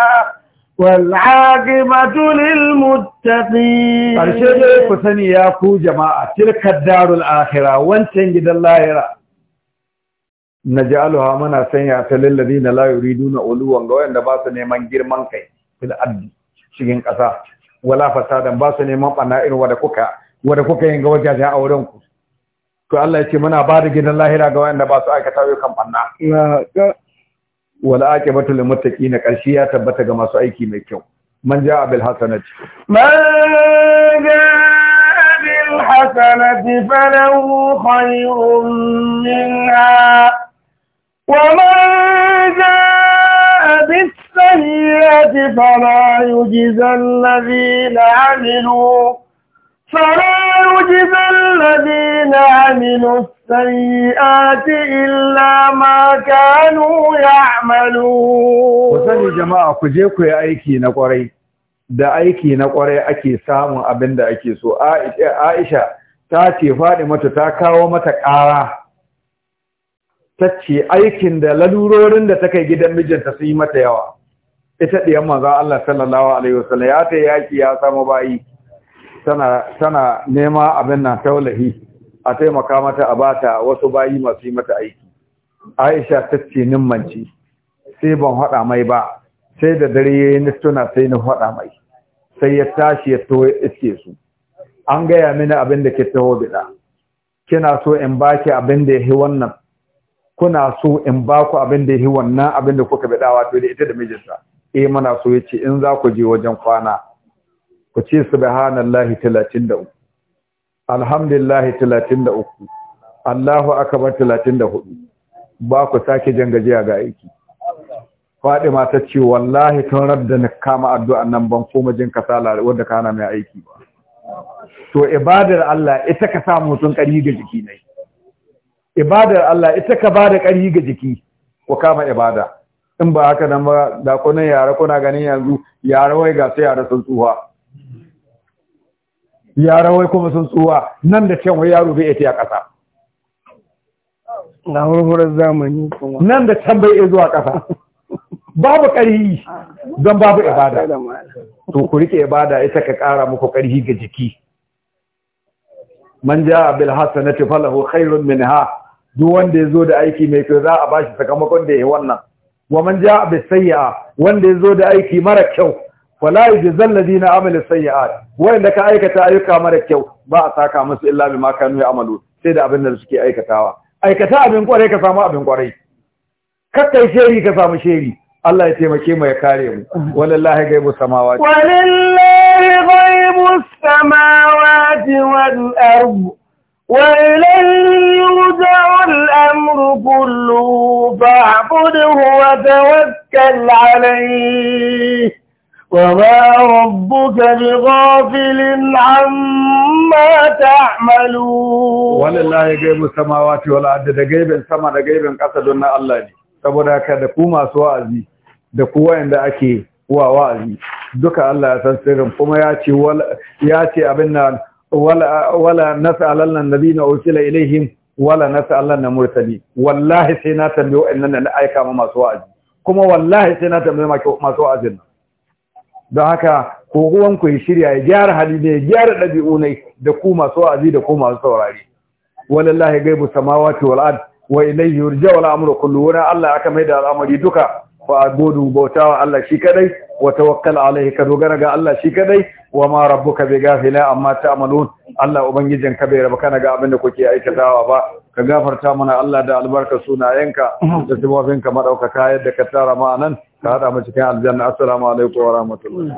والعاقبة للمتقين فرشد كثني يا كو جماعة تلك الدار الآخرة وانتن جد اللاهرة نجعلها منا سيئة للذين لا يريدون علوا وان باسن من جرمان كي في الأرض شكين ƙasa ولا فسادا ba su neman ودكوكا ودكوكا ينقوكا جاء أورنكو to Allah yake muna ba da gidan lahira ga wanda ba su aikata kan banna wala wal aqibatu lil muttaqin karshe ya tabbata ga masu aiki mai kyau man ja bil hasanat man ja bil hasanat falahu khayrun minha wa man ja'a bis sayyi'ati fala yujza alladhina 'amilu فلا يجزى الذين عملوا السيئات إلا ما كانوا يعملون وسني جماعة كجيكو يا أيكي نقري da aiki na kwarai ake samun abin da ake so Aisha ta ce faɗi mata ta kawo mata ƙara ta ce aikin da lalurorin da take gidan mijinta sun yi mata yawa ita ɗiyan manzan Allah sallallahu alaihi wasallam ya ta yaki ya samu bayi tana nema abin nan taulahi a taimaka mata a bata wasu bayi masu yi mata aiki aisha ta ce nimmanci sai ban haɗa mai ba sai da dare ya yi nistuna sai na haɗa mai sai ya tashi ya to iske su an gaya mini abin da ke taho biɗa kina so in baki abin da ya yi wannan kuna so in baku abin da ya yi wannan abin da kuka biɗa wato da ita da mijinta eh muna so ya ce in za ku je wajen kwana ku ce subhanallahi 33 alhamdulillahi 33 Allahu akbar 34 ba ku sake jangajiya ga aiki Fadima ta ce wallahi tun radda na kama addu'a nan ban koma jin kasala wanda kana mai aiki ba to ibadar Allah ita ka sa mutum kari ga jiki ne ibadar Allah ita ka ba da kari ga jiki ku kama ibada in ba haka nan ba da kunan yara kuna ganin yanzu yara wai ga su yara sun tsuwa yara wai kuma sun tsuwa nan da can wai yaro bai iya ƙasa na hurhurar zamani kuma nan da can bai iya zuwa ƙasa babu ƙarhi don babu ibada to ku rike ibada ita ka ƙara muku ƙarhi ga jiki man ja na hasanati falahu khairun minha duk wanda yazo da aiki mai kyau za a bashi sakamakon da ya yi wannan wa man ja bis sayyi'a wanda yazo da aiki mara kyau wala yujzal ladina amilu sayyi'at wanda ka aikata ayyuka mara kyau ba a saka musu illa bima kanu ya'malu sai da abin da suke aikatawa aikata abin kwarai ka samu abin kwarai kakkai sheri ka samu sheri Allah ya taimake mu ya kare mu wallahi gaibu samawati wallahi gaibu samawati wal ard wa ilayhi yurja'u al-amru kullu fa'budhu wa tawakkal 'alayhi وما ربك بغافل عما تعملون ولله غيب السماوات والارض da gaibin sama da gaibin ƙasa don na Allah ne saboda haka da ku masu wa'azi da ku wanda ake wa wa'azi duka Allah ya san sirrin kuma ya ce ya ce abin nan wala wala nas'alan annabina ursila ilaihim wala nas'alan mursali wallahi sai na tambaye wa'annan na aika ma masu wa'azi kuma wallahi sai na tambaye masu wa'azin don haka ko ya shirya ya gyara hali ne ya gyara ɗabi'u ne da ku masu wa'azi da ku masu saurari walallahi gaibu samawati wal ard wa ilayhi yurja wal amru kullu wa Allah aka mai da al'amari duka fa agodu bautawa Allah shi kadai wa tawakkal alaihi ka dogara ga Allah shi kadai wa ma rabbuka bi ghafila amma ta'malun Allah ubangijin ka bai rabaka ga abin da kuke aikatawa ba ka gafarta mana Allah da albarka sunayenka da sifofinka madaukaka yadda ka tara nan. ka haɗa mu cikin aljanna assalamu alaikum wa rahmatullahi